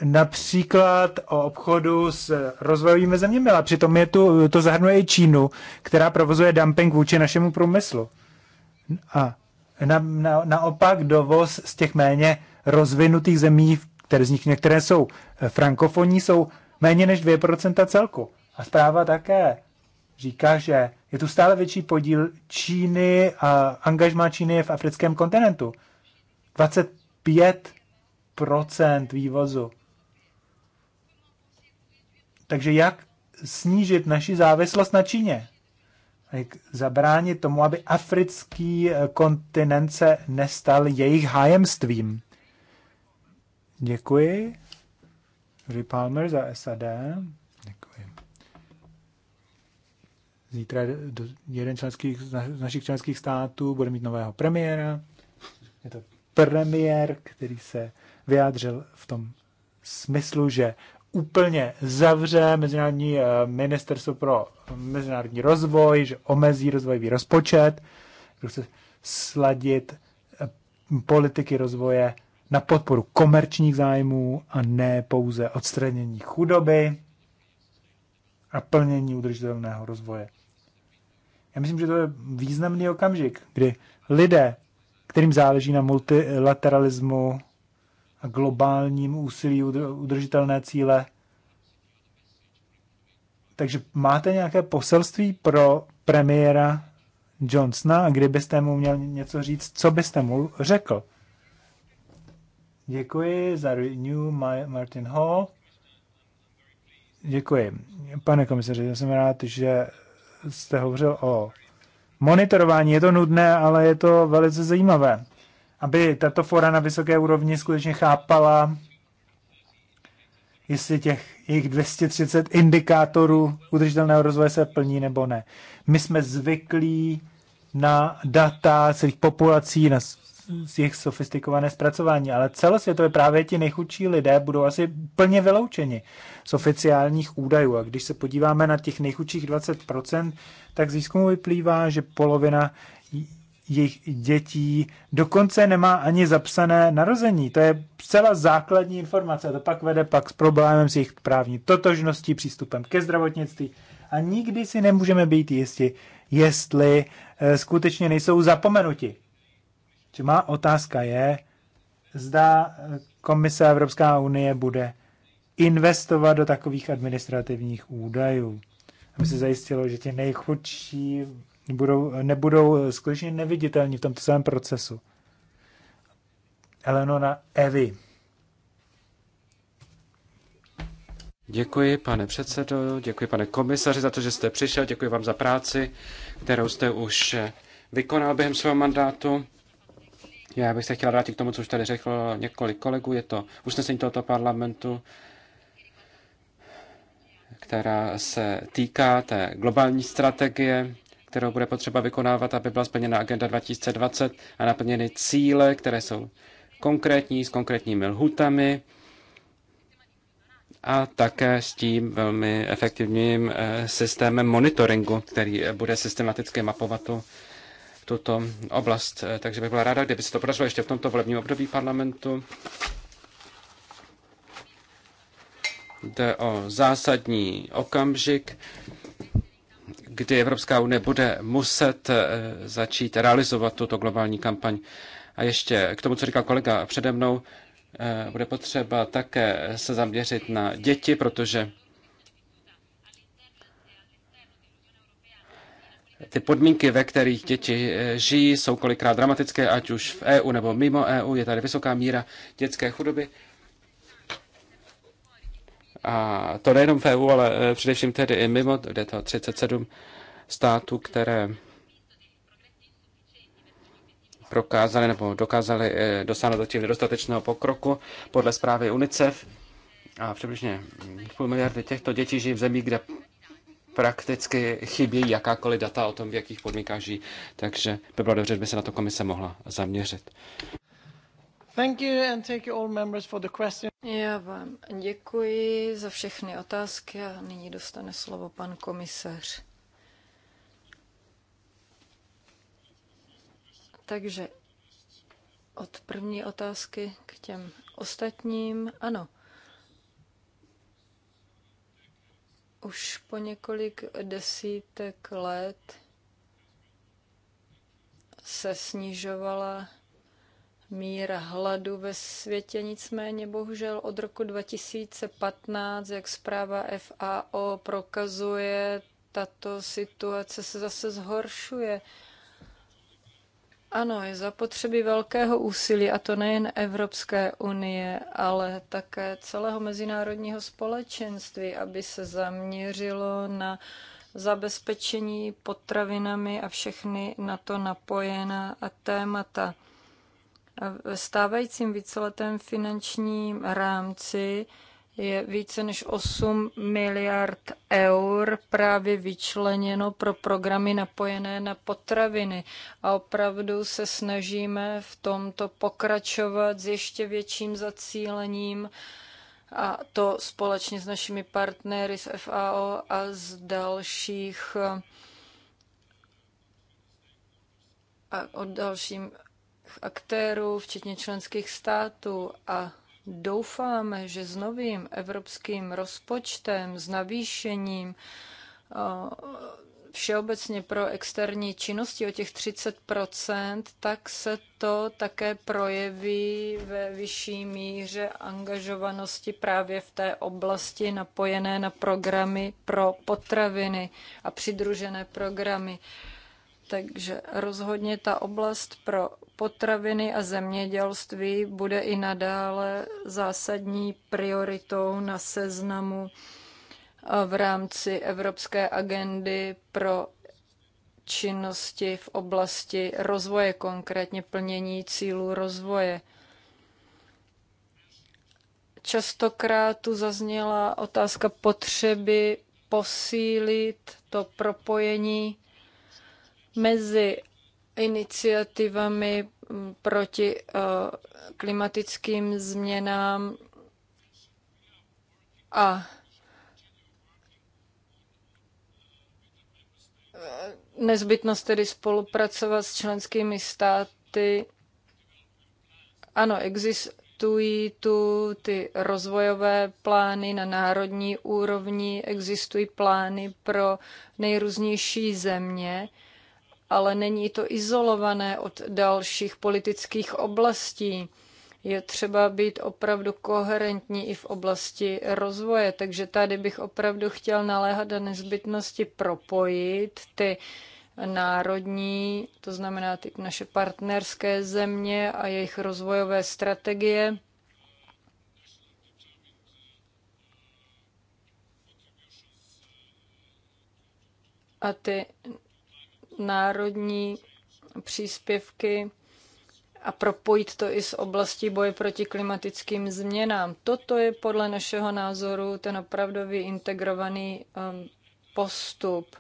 například o obchodu s rozvojovými zeměmi, ale přitom je tu, to zahrnuje i Čínu, která provozuje dumping vůči našemu průmyslu. A na, na, naopak dovoz z těch méně rozvinutých zemí, které z nich některé jsou frankofonní, jsou méně než 2% celku. A zpráva také říká, že je tu stále větší podíl Číny a angažmá Číny v africkém kontinentu. 25% vývozu takže jak snížit naši závislost na Číně? Jak zabránit tomu, aby africký eh, kontinent se nestal jejich hájemstvím? Děkuji. Ry Palmer za SAD. Děkuji. Zítra jeden členský, z našich členských států bude mít nového premiéra. Je to premiér, který se vyjádřil v tom smyslu, že úplně zavře Mezinárodní eh, ministerstvo pro mezinárodní rozvoj, že omezí rozvojový rozpočet, že chce sladit eh, politiky rozvoje na podporu komerčních zájmů a ne pouze odstranění chudoby a plnění udržitelného rozvoje. Já myslím, že to je významný okamžik, kdy lidé, kterým záleží na multilateralismu, a globálním úsilí udržitelné cíle. Takže máte nějaké poselství pro premiéra Johnsona a kdybyste mu měl něco říct, co byste mu řekl? Děkuji za Renew Martin Hall. Děkuji. Pane komisaři, já jsem rád, že jste hovořil o monitorování. Je to nudné, ale je to velice zajímavé aby tato fora na vysoké úrovni skutečně chápala, jestli těch jejich 230 indikátorů udržitelného rozvoje se plní nebo ne. My jsme zvyklí na data celých populací, na jejich sofistikované zpracování, ale celosvětově právě ti nejchudší lidé budou asi plně vyloučeni z oficiálních údajů. A když se podíváme na těch nejchudších 20%, tak z výzkumu vyplývá, že polovina jejich dětí dokonce nemá ani zapsané narození. To je celá základní informace. To pak vede pak s problémem s jejich právní totožností, přístupem ke zdravotnictví. A nikdy si nemůžeme být jistí, jestli eh, skutečně nejsou zapomenuti. Či má otázka je, zda eh, Komise Evropská unie bude investovat do takových administrativních údajů, aby se zajistilo, že ti nejchudší budou, nebudou skutečně neviditelní v tomto celém procesu. Eleonora Evy. Děkuji, pane předsedo, děkuji, pane komisaři, za to, že jste přišel, děkuji vám za práci, kterou jste už vykonal během svého mandátu. Já bych se chtěl vrátit k tomu, co už tady řeklo několik kolegů. Je to usnesení tohoto parlamentu, která se týká té globální strategie kterou bude potřeba vykonávat, aby byla splněna agenda 2020 a naplněny cíle, které jsou konkrétní, s konkrétními lhutami a také s tím velmi efektivním eh, systémem monitoringu, který eh, bude systematicky mapovat tu, tuto oblast. Eh, takže bych byla ráda, kdyby se to podařilo ještě v tomto volebním období parlamentu. Jde o zásadní okamžik kdy Evropská unie bude muset eh, začít realizovat tuto globální kampaň. A ještě k tomu, co říkal kolega přede mnou, eh, bude potřeba také se zaměřit na děti, protože ty podmínky, ve kterých děti eh, žijí, jsou kolikrát dramatické, ať už v EU nebo mimo EU. Je tady vysoká míra dětské chudoby a to nejenom v EU, ale e, především tedy i mimo, kde to 37 států, které prokázali nebo dokázali e, dosáhnout do těch nedostatečného pokroku podle zprávy UNICEF. A přibližně půl miliardy těchto dětí žijí v zemí, kde prakticky chybí jakákoliv data o tom, v jakých podmínkách žijí. Takže by bylo dobře, kdyby se na to komise mohla zaměřit. Thank you and thank you all members for the question. Já vám děkuji za všechny otázky a nyní dostane slovo pan komisař. Takže od první otázky k těm ostatním. Ano, už po několik desítek let se snižovala míra hladu ve světě. Nicméně bohužel od roku 2015, jak zpráva FAO prokazuje, tato situace se zase zhoršuje. Ano, je zapotřebí velkého úsilí, a to nejen Evropské unie, ale také celého mezinárodního společenství, aby se zaměřilo na zabezpečení potravinami a všechny na to napojená a témata. V stávajícím víceletém finančním rámci je více než 8 miliard eur právě vyčleněno pro programy napojené na potraviny. A opravdu se snažíme v tomto pokračovat s ještě větším zacílením a to společně s našimi partnery z FAO a z dalších a od dalším aktérů, včetně členských států a doufáme, že s novým evropským rozpočtem, s navýšením všeobecně pro externí činnosti o těch 30 tak se to také projeví ve vyšší míře angažovanosti právě v té oblasti napojené na programy pro potraviny a přidružené programy. Takže rozhodně ta oblast pro potraviny a zemědělství bude i nadále zásadní prioritou na seznamu v rámci Evropské agendy pro činnosti v oblasti rozvoje, konkrétně plnění cílů rozvoje. Častokrát tu zazněla otázka potřeby posílit to propojení mezi iniciativami mm, proti eh, klimatickým změnám a eh, nezbytnost tedy spolupracovat s členskými státy. Ano, existují tu ty rozvojové plány na národní úrovni, existují plány pro nejrůznější země ale není to izolované od dalších politických oblastí. Je třeba být opravdu koherentní i v oblasti rozvoje, takže tady bych opravdu chtěl naléhat na nezbytnosti propojit ty národní, to znamená ty naše partnerské země a jejich rozvojové strategie. A ty národní příspěvky a propojit to i s oblastí boje proti klimatickým změnám. Toto je podle našeho názoru ten opravdový integrovaný um, postup.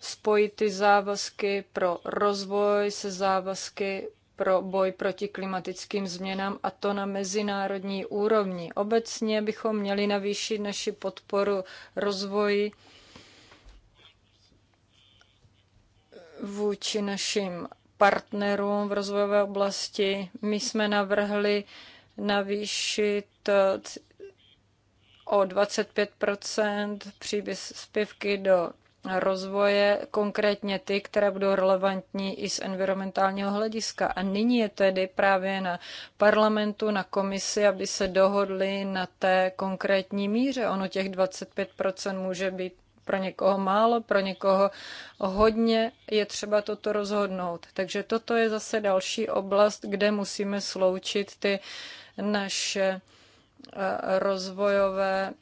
Spojit ty závazky pro rozvoj se závazky pro boj proti klimatickým změnám a to na mezinárodní úrovni. Obecně bychom měli navýšit naši podporu rozvoji vůči našim partnerům v rozvojové oblasti. My jsme navrhli navýšit eh, o 25 příspěvky do rozvoje, konkrétně ty, které budou relevantní i z environmentálního hlediska. A nyní je tedy právě na parlamentu, na komisi, aby se dohodli na té konkrétní míře. Ono těch 25% může být pro někoho málo, pro někoho hodně, je třeba toto rozhodnout. Takže toto je zase další oblast, kde musíme sloučit ty naše eh, rozvojové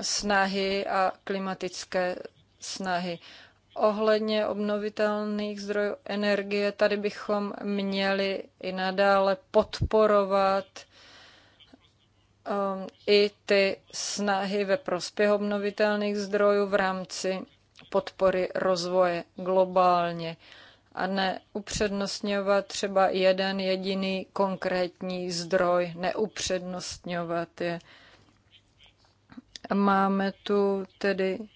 snahy a klimatické snahy. Ohledně obnovitelných zdrojů energie, tady bychom měli i nadále podporovat Um, i ty snahy ve prospěch obnovitelných zdrojů v rámci podpory rozvoje globálně a neupřednostňovat třeba jeden jediný konkrétní zdroj, neupřednostňovat je. Máme tu tedy uh,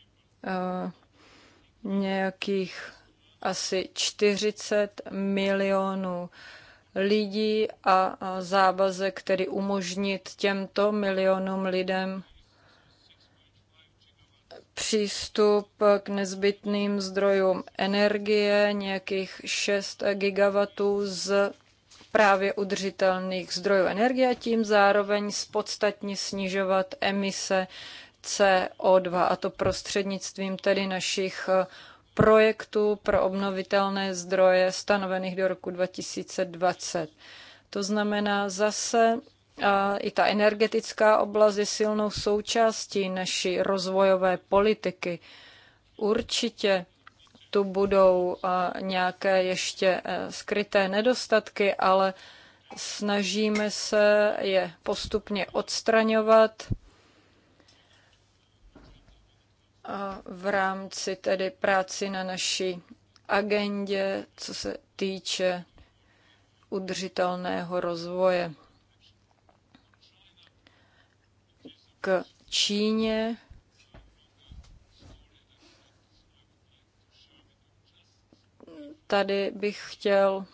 nějakých asi 40 milionů lidí a závazek, který umožnit těmto milionům lidem přístup k nezbytným zdrojům energie, nějakých 6 gigawatů z právě udržitelných zdrojů energie a tím zároveň spodstatně snižovat emise CO2 a to prostřednictvím tedy našich projektů pro obnovitelné zdroje stanovených do roku 2020. To znamená zase i ta energetická oblast je silnou součástí naší rozvojové politiky. Určitě tu budou nějaké ještě e, skryté nedostatky, ale snažíme se je postupně odstraňovat v rámci tedy práci na naší agendě, co se týče udržitelného rozvoje. K Číně tady bych chtěl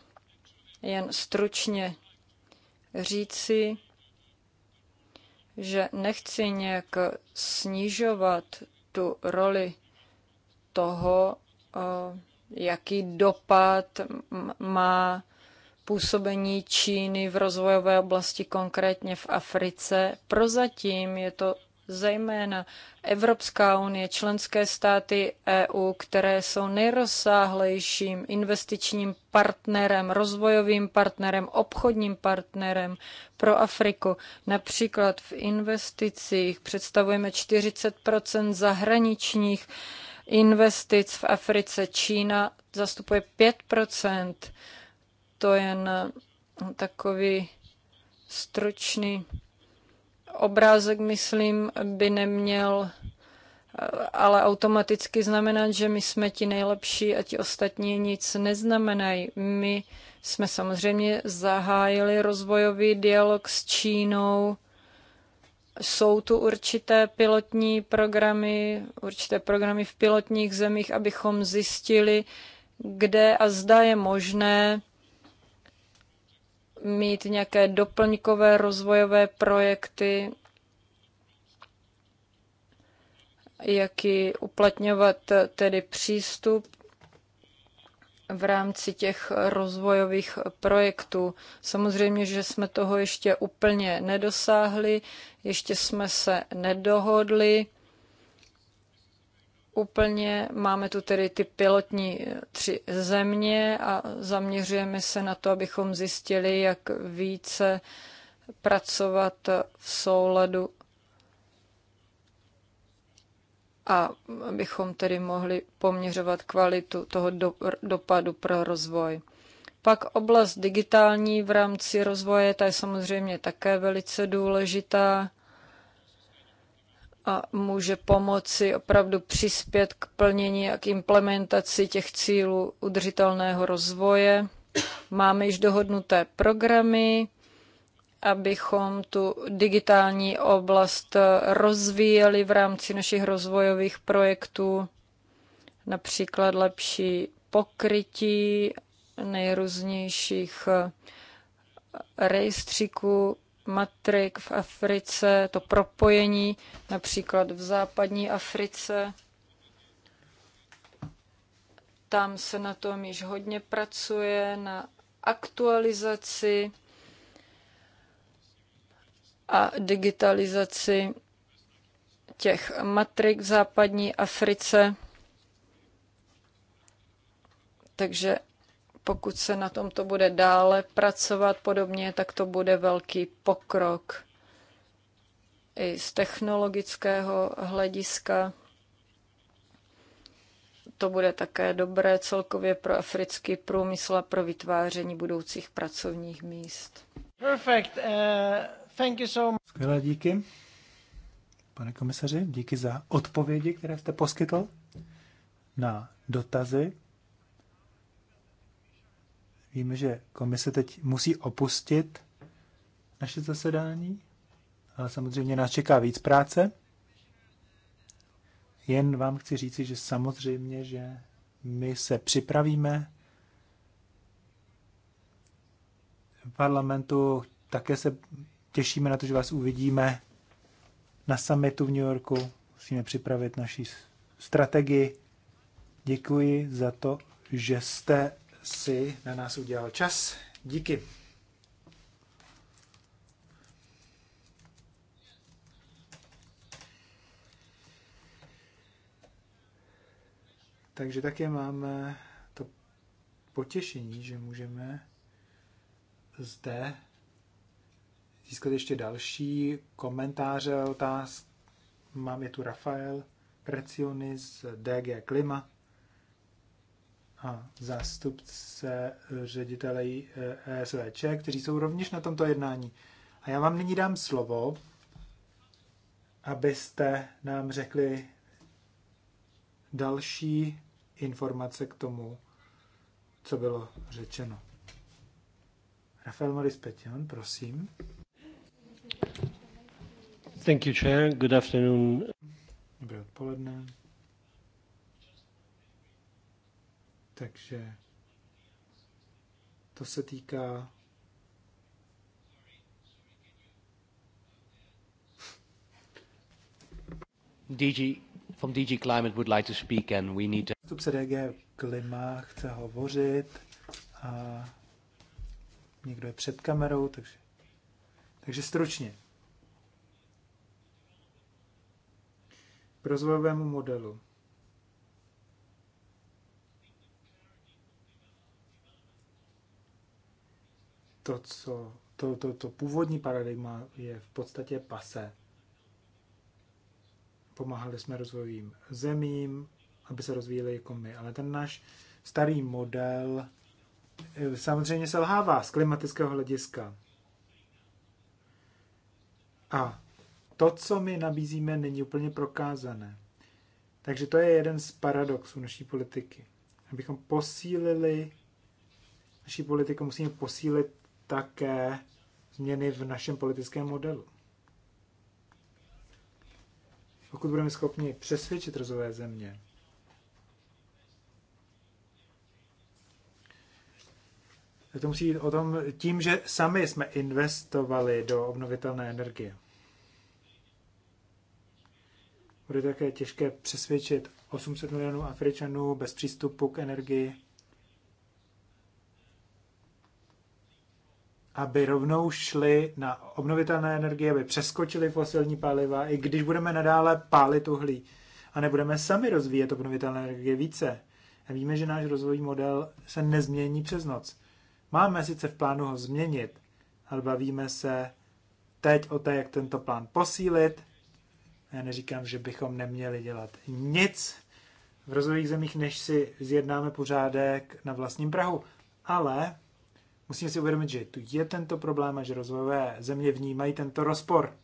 jen stručně říci, že nechci nějak snižovat tu roli toho, eh, jaký dopad má působení Číny v rozvojové oblasti, konkrétně v Africe. Prozatím je to zejména Evropská unie, členské státy EU, které jsou nejrozsáhlejším investičním partnerem, rozvojovým partnerem, obchodním partnerem pro Afriku. Například v investicích představujeme 40 zahraničních investic v Africe. Čína zastupuje 5 To je na takový stručný obrázek, myslím, by neměl ale automaticky znamenat, že my jsme ti nejlepší a ti ostatní nic neznamenají. My jsme samozřejmě zahájili rozvojový dialog s Čínou. Jsou tu určité pilotní programy, určité programy v pilotních zemích, abychom zjistili, kde a zda je možné mít nějaké doplňkové rozvojové projekty, jaký uplatňovat tedy přístup v rámci těch rozvojových projektů. Samozřejmě, že jsme toho ještě úplně nedosáhli, ještě jsme se nedohodli úplně. Máme tu tedy ty pilotní eh, tři země a zaměřujeme se na to, abychom zjistili, jak více pracovat v souladu a abychom tedy mohli poměřovat kvalitu toho do, dopadu pro rozvoj. Pak oblast digitální v rámci rozvoje, ta je samozřejmě také velice důležitá a může pomoci opravdu přispět k plnění a k implementaci těch cílů udržitelného rozvoje. Máme již dohodnuté programy, abychom tu digitální oblast rozvíjeli v rámci našich rozvojových projektů, například lepší pokrytí nejrůznějších rejstříků matrik v Africe, to propojení například v západní Africe. Tam se na tom již hodně pracuje, na aktualizaci a digitalizaci těch matrik v západní Africe. Takže pokud se na tomto bude dále pracovat podobně, tak to bude velký pokrok i z technologického hlediska. To bude také dobré celkově pro africký průmysl a pro vytváření budoucích pracovních míst. Perfect. Uh, thank you so much. Skvělé díky. Pane komisaři, díky za odpovědi, které jste poskytl na dotazy Víme, že komise teď musí opustit naše zasedání, ale samozřejmě nás čeká víc práce. Jen vám chci říci, že samozřejmě, že my se připravíme. V parlamentu také se těšíme na to, že vás uvidíme na summitu v New Yorku. Musíme připravit naši strategii. Děkuji za to, že jste si na nás udělal čas. Díky. Takže také máme to potěšení, že můžeme zde získat ještě další komentáře, otázky. Mám je tu Rafael Precioni z DG Klima a zástupce eh, ředitele ESVČ, eh, e kteří jsou rovněž na tomto jednání. A já vám nyní dám slovo, abyste nám řekli další informace k tomu, co bylo řečeno. Rafael Moris Petian, prosím. Thank you, Chair. Good afternoon. Dobré odpoledne. Takže to se týká DG, from DG Climate would like to speak and we need to... DG Klima chce hovořit a někdo je před kamerou, takže, takže stručně. K rozvojovému modelu. to, co, to, to, to původní paradigma je v podstatě pase. Pomáhali jsme rozvojovým zemím, aby se rozvíjeli jako my, ale ten náš starý model eh, samozřejmě selhává z klimatického hlediska. A to, co my nabízíme, není úplně prokázané. Takže to je jeden z paradoxů naší politiky. Abychom posílili naší politiku, musíme posílit také změny v našem politickém modelu. Pokud budeme schopni přesvědčit rozvojové země, to musí jít o tom tím, že sami jsme investovali do obnovitelné energie. Bude také těžké přesvědčit 800 milionů Afričanů bez přístupu k energii aby rovnou šli na obnovitelné energie, aby přeskočili fosilní paliva, i když budeme nadále pálit uhlí a nebudeme sami rozvíjet obnovitelné energie více. A víme, že náš rozvojový model se nezmění přes noc. Máme sice v plánu ho změnit, ale bavíme se teď o té, jak tento plán posílit. Já neříkám, že bychom neměli dělat nic v rozvojových zemích, než si zjednáme pořádek na vlastním Prahu. Ale Musíme si uvědomit, že tu je tento problém a že rozvojové země vnímají tento rozpor.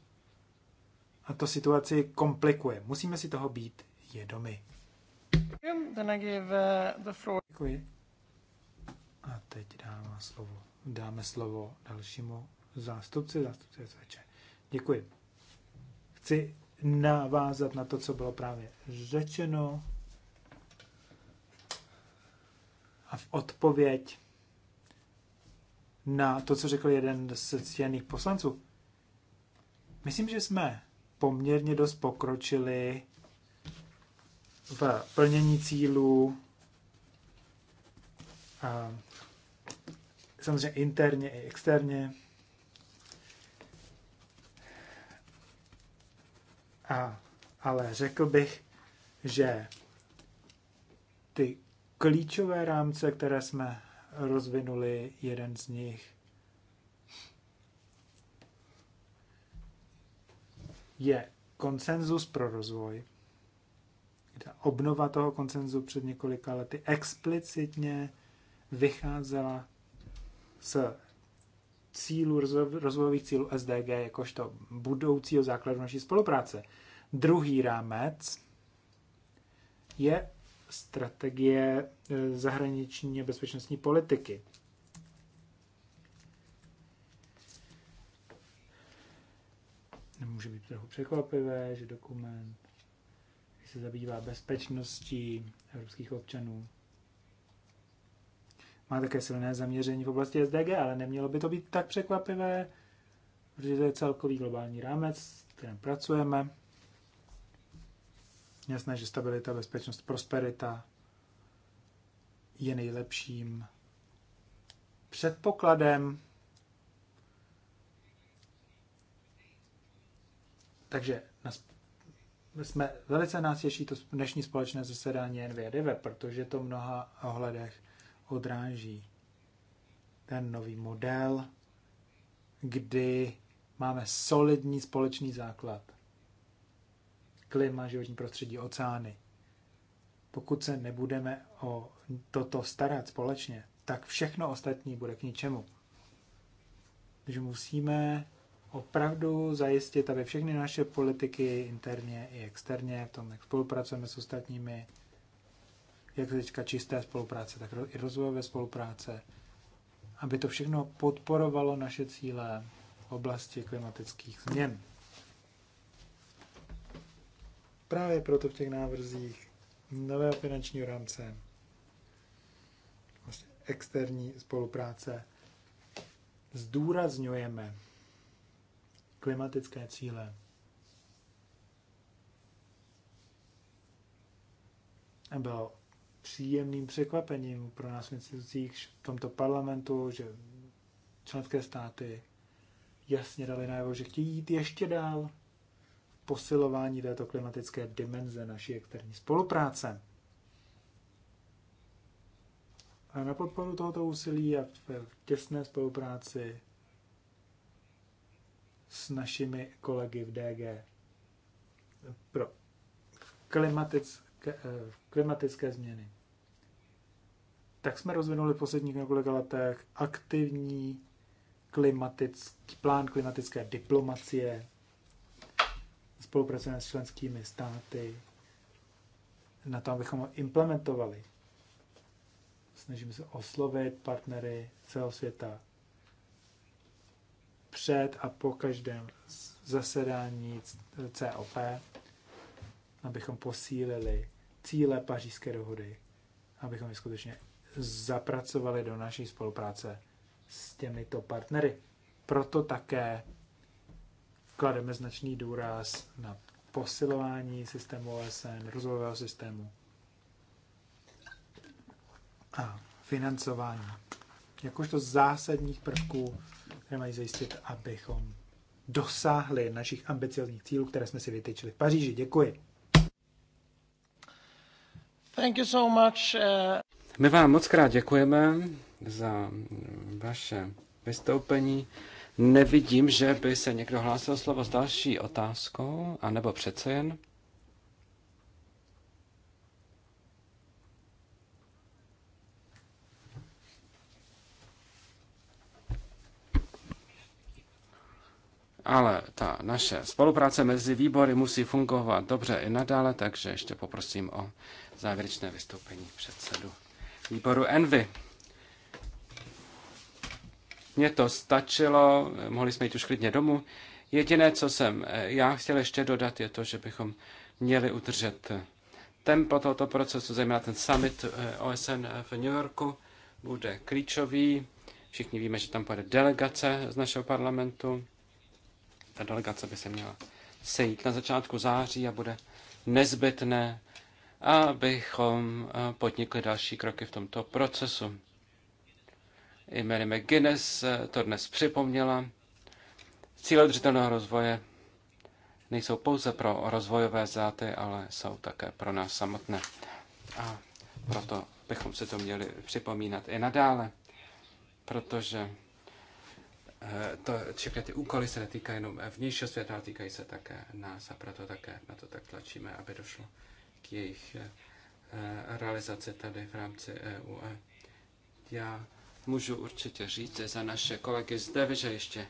A to situaci komplikuje. Musíme si toho být vědomi. Uh, Děkuji. A teď dám slovo. dáme slovo dalšímu zástupci, zástupci SVČ. Děkuji. Chci navázat na to, co bylo právě řečeno. A v odpověď na to, co řekl jeden z ctěných poslanců. Myslím, že jsme poměrně dost pokročili v plnění cílů. A samozřejmě interně i externě. A, ale řekl bych, že ty klíčové rámce, které jsme rozvinuli jeden z nich. Je konsenzus pro rozvoj. Ta obnova toho konsenzu před několika lety explicitně vycházela z cílů, rozvojových cílů SDG jakožto budoucího základu naší spolupráce. Druhý rámec je strategie e, zahraniční a bezpečnostní politiky. Nemůže být trochu překvapivé, že dokument se zabývá bezpečností evropských občanů. Má také silné zaměření v oblasti SDG, ale nemělo by to být tak překvapivé, protože to je celkový globální rámec, v kterém pracujeme jasné, že stabilita, bezpečnost, prosperita je nejlepším předpokladem. Takže jsme velice nás těší to dnešní společné zasedání NVDV, protože to mnoha ohledech odráží ten nový model, kdy máme solidní společný základ klima, životní prostředí, oceány. Pokud se nebudeme o toto starat společně, tak všechno ostatní bude k ničemu. Takže musíme opravdu zajistit, aby všechny naše politiky interně i externě, v tom, jak spolupracujeme s ostatními, jak teďka čisté spolupráce, tak i rozvojové spolupráce, aby to všechno podporovalo naše cíle v oblasti klimatických změn. Právě proto v těch návrzích nového finančního rámce vlastně externí spolupráce zdůrazňujeme klimatické cíle. A bylo příjemným překvapením pro nás v institucích v tomto parlamentu, že členské státy jasně dali najevo, že chtějí jít ještě dál posilování této klimatické dimenze naší externí spolupráce. A na podporu tohoto úsilí a v těsné spolupráci s našimi kolegy v DG pro klimatické, eh, klimatické změny. Tak jsme rozvinuli v posledních několika letech aktivní klimatický plán klimatické diplomacie, Spolupracujeme s členskými státy na tom, abychom ho implementovali. Snažíme se oslovit partnery celého světa před a po každém zasedání COP, abychom posílili cíle pařížské dohody, abychom je skutečně zapracovali do naší spolupráce s těmito partnery. Proto také klademe značný důraz na posilování systému OSN, rozvojového systému a financování. Jakožto zásadních prvků, které mají zajistit, abychom dosáhli našich ambiciozních cílů, které jsme si vytyčili v Paříži. Děkuji. Thank you so much. Eh. My vám moc krát děkujeme za vaše vystoupení. Nevidím, že by se někdo hlásil slovo s další otázkou, anebo přece jen. Ale ta naše spolupráce mezi výbory musí fungovat dobře i nadále, takže ještě poprosím o závěrečné vystoupení předsedu výboru Envy. Mně to stačilo, mohli jsme jít už klidně domů. Jediné, co jsem eh, já chtěl ještě dodat, je to, že bychom měli udržet eh, tempo tohoto procesu, zejména ten summit eh, OSN v New Yorku, bude klíčový. Všichni víme, že tam pojede delegace z našeho parlamentu. Ta delegace by se měla sejít na začátku září a bude nezbytné, abychom podnikli další kroky v tomto procesu. I Mary McGuinness eh, to dnes připomněla. Cíle udržitelného rozvoje nejsou pouze pro rozvojové záty, ale jsou také pro nás samotné. A proto bychom se to měli připomínat i nadále, protože eh, to, všechny ty úkoly se netýkají jenom vnějšího světa, ale týkají se také nás a proto také na to tak tlačíme, aby došlo k jejich eh, realizaci tady v rámci EU. E. Já můžu určitě říct za naše kolegy z že ještě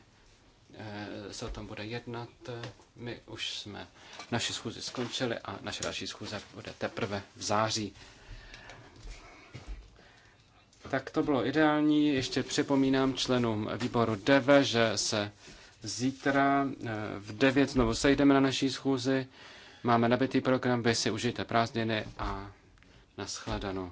eh, se o tom bude jednat. My už jsme naši schůzi skončili a naše další schůze bude teprve v září. Tak to bylo ideální. Ještě připomínám členům výboru DEVE, že se zítra eh, v 9 znovu sejdeme na naší schůzi. Máme nabitý program, vy si užijte prázdniny a naschledanou.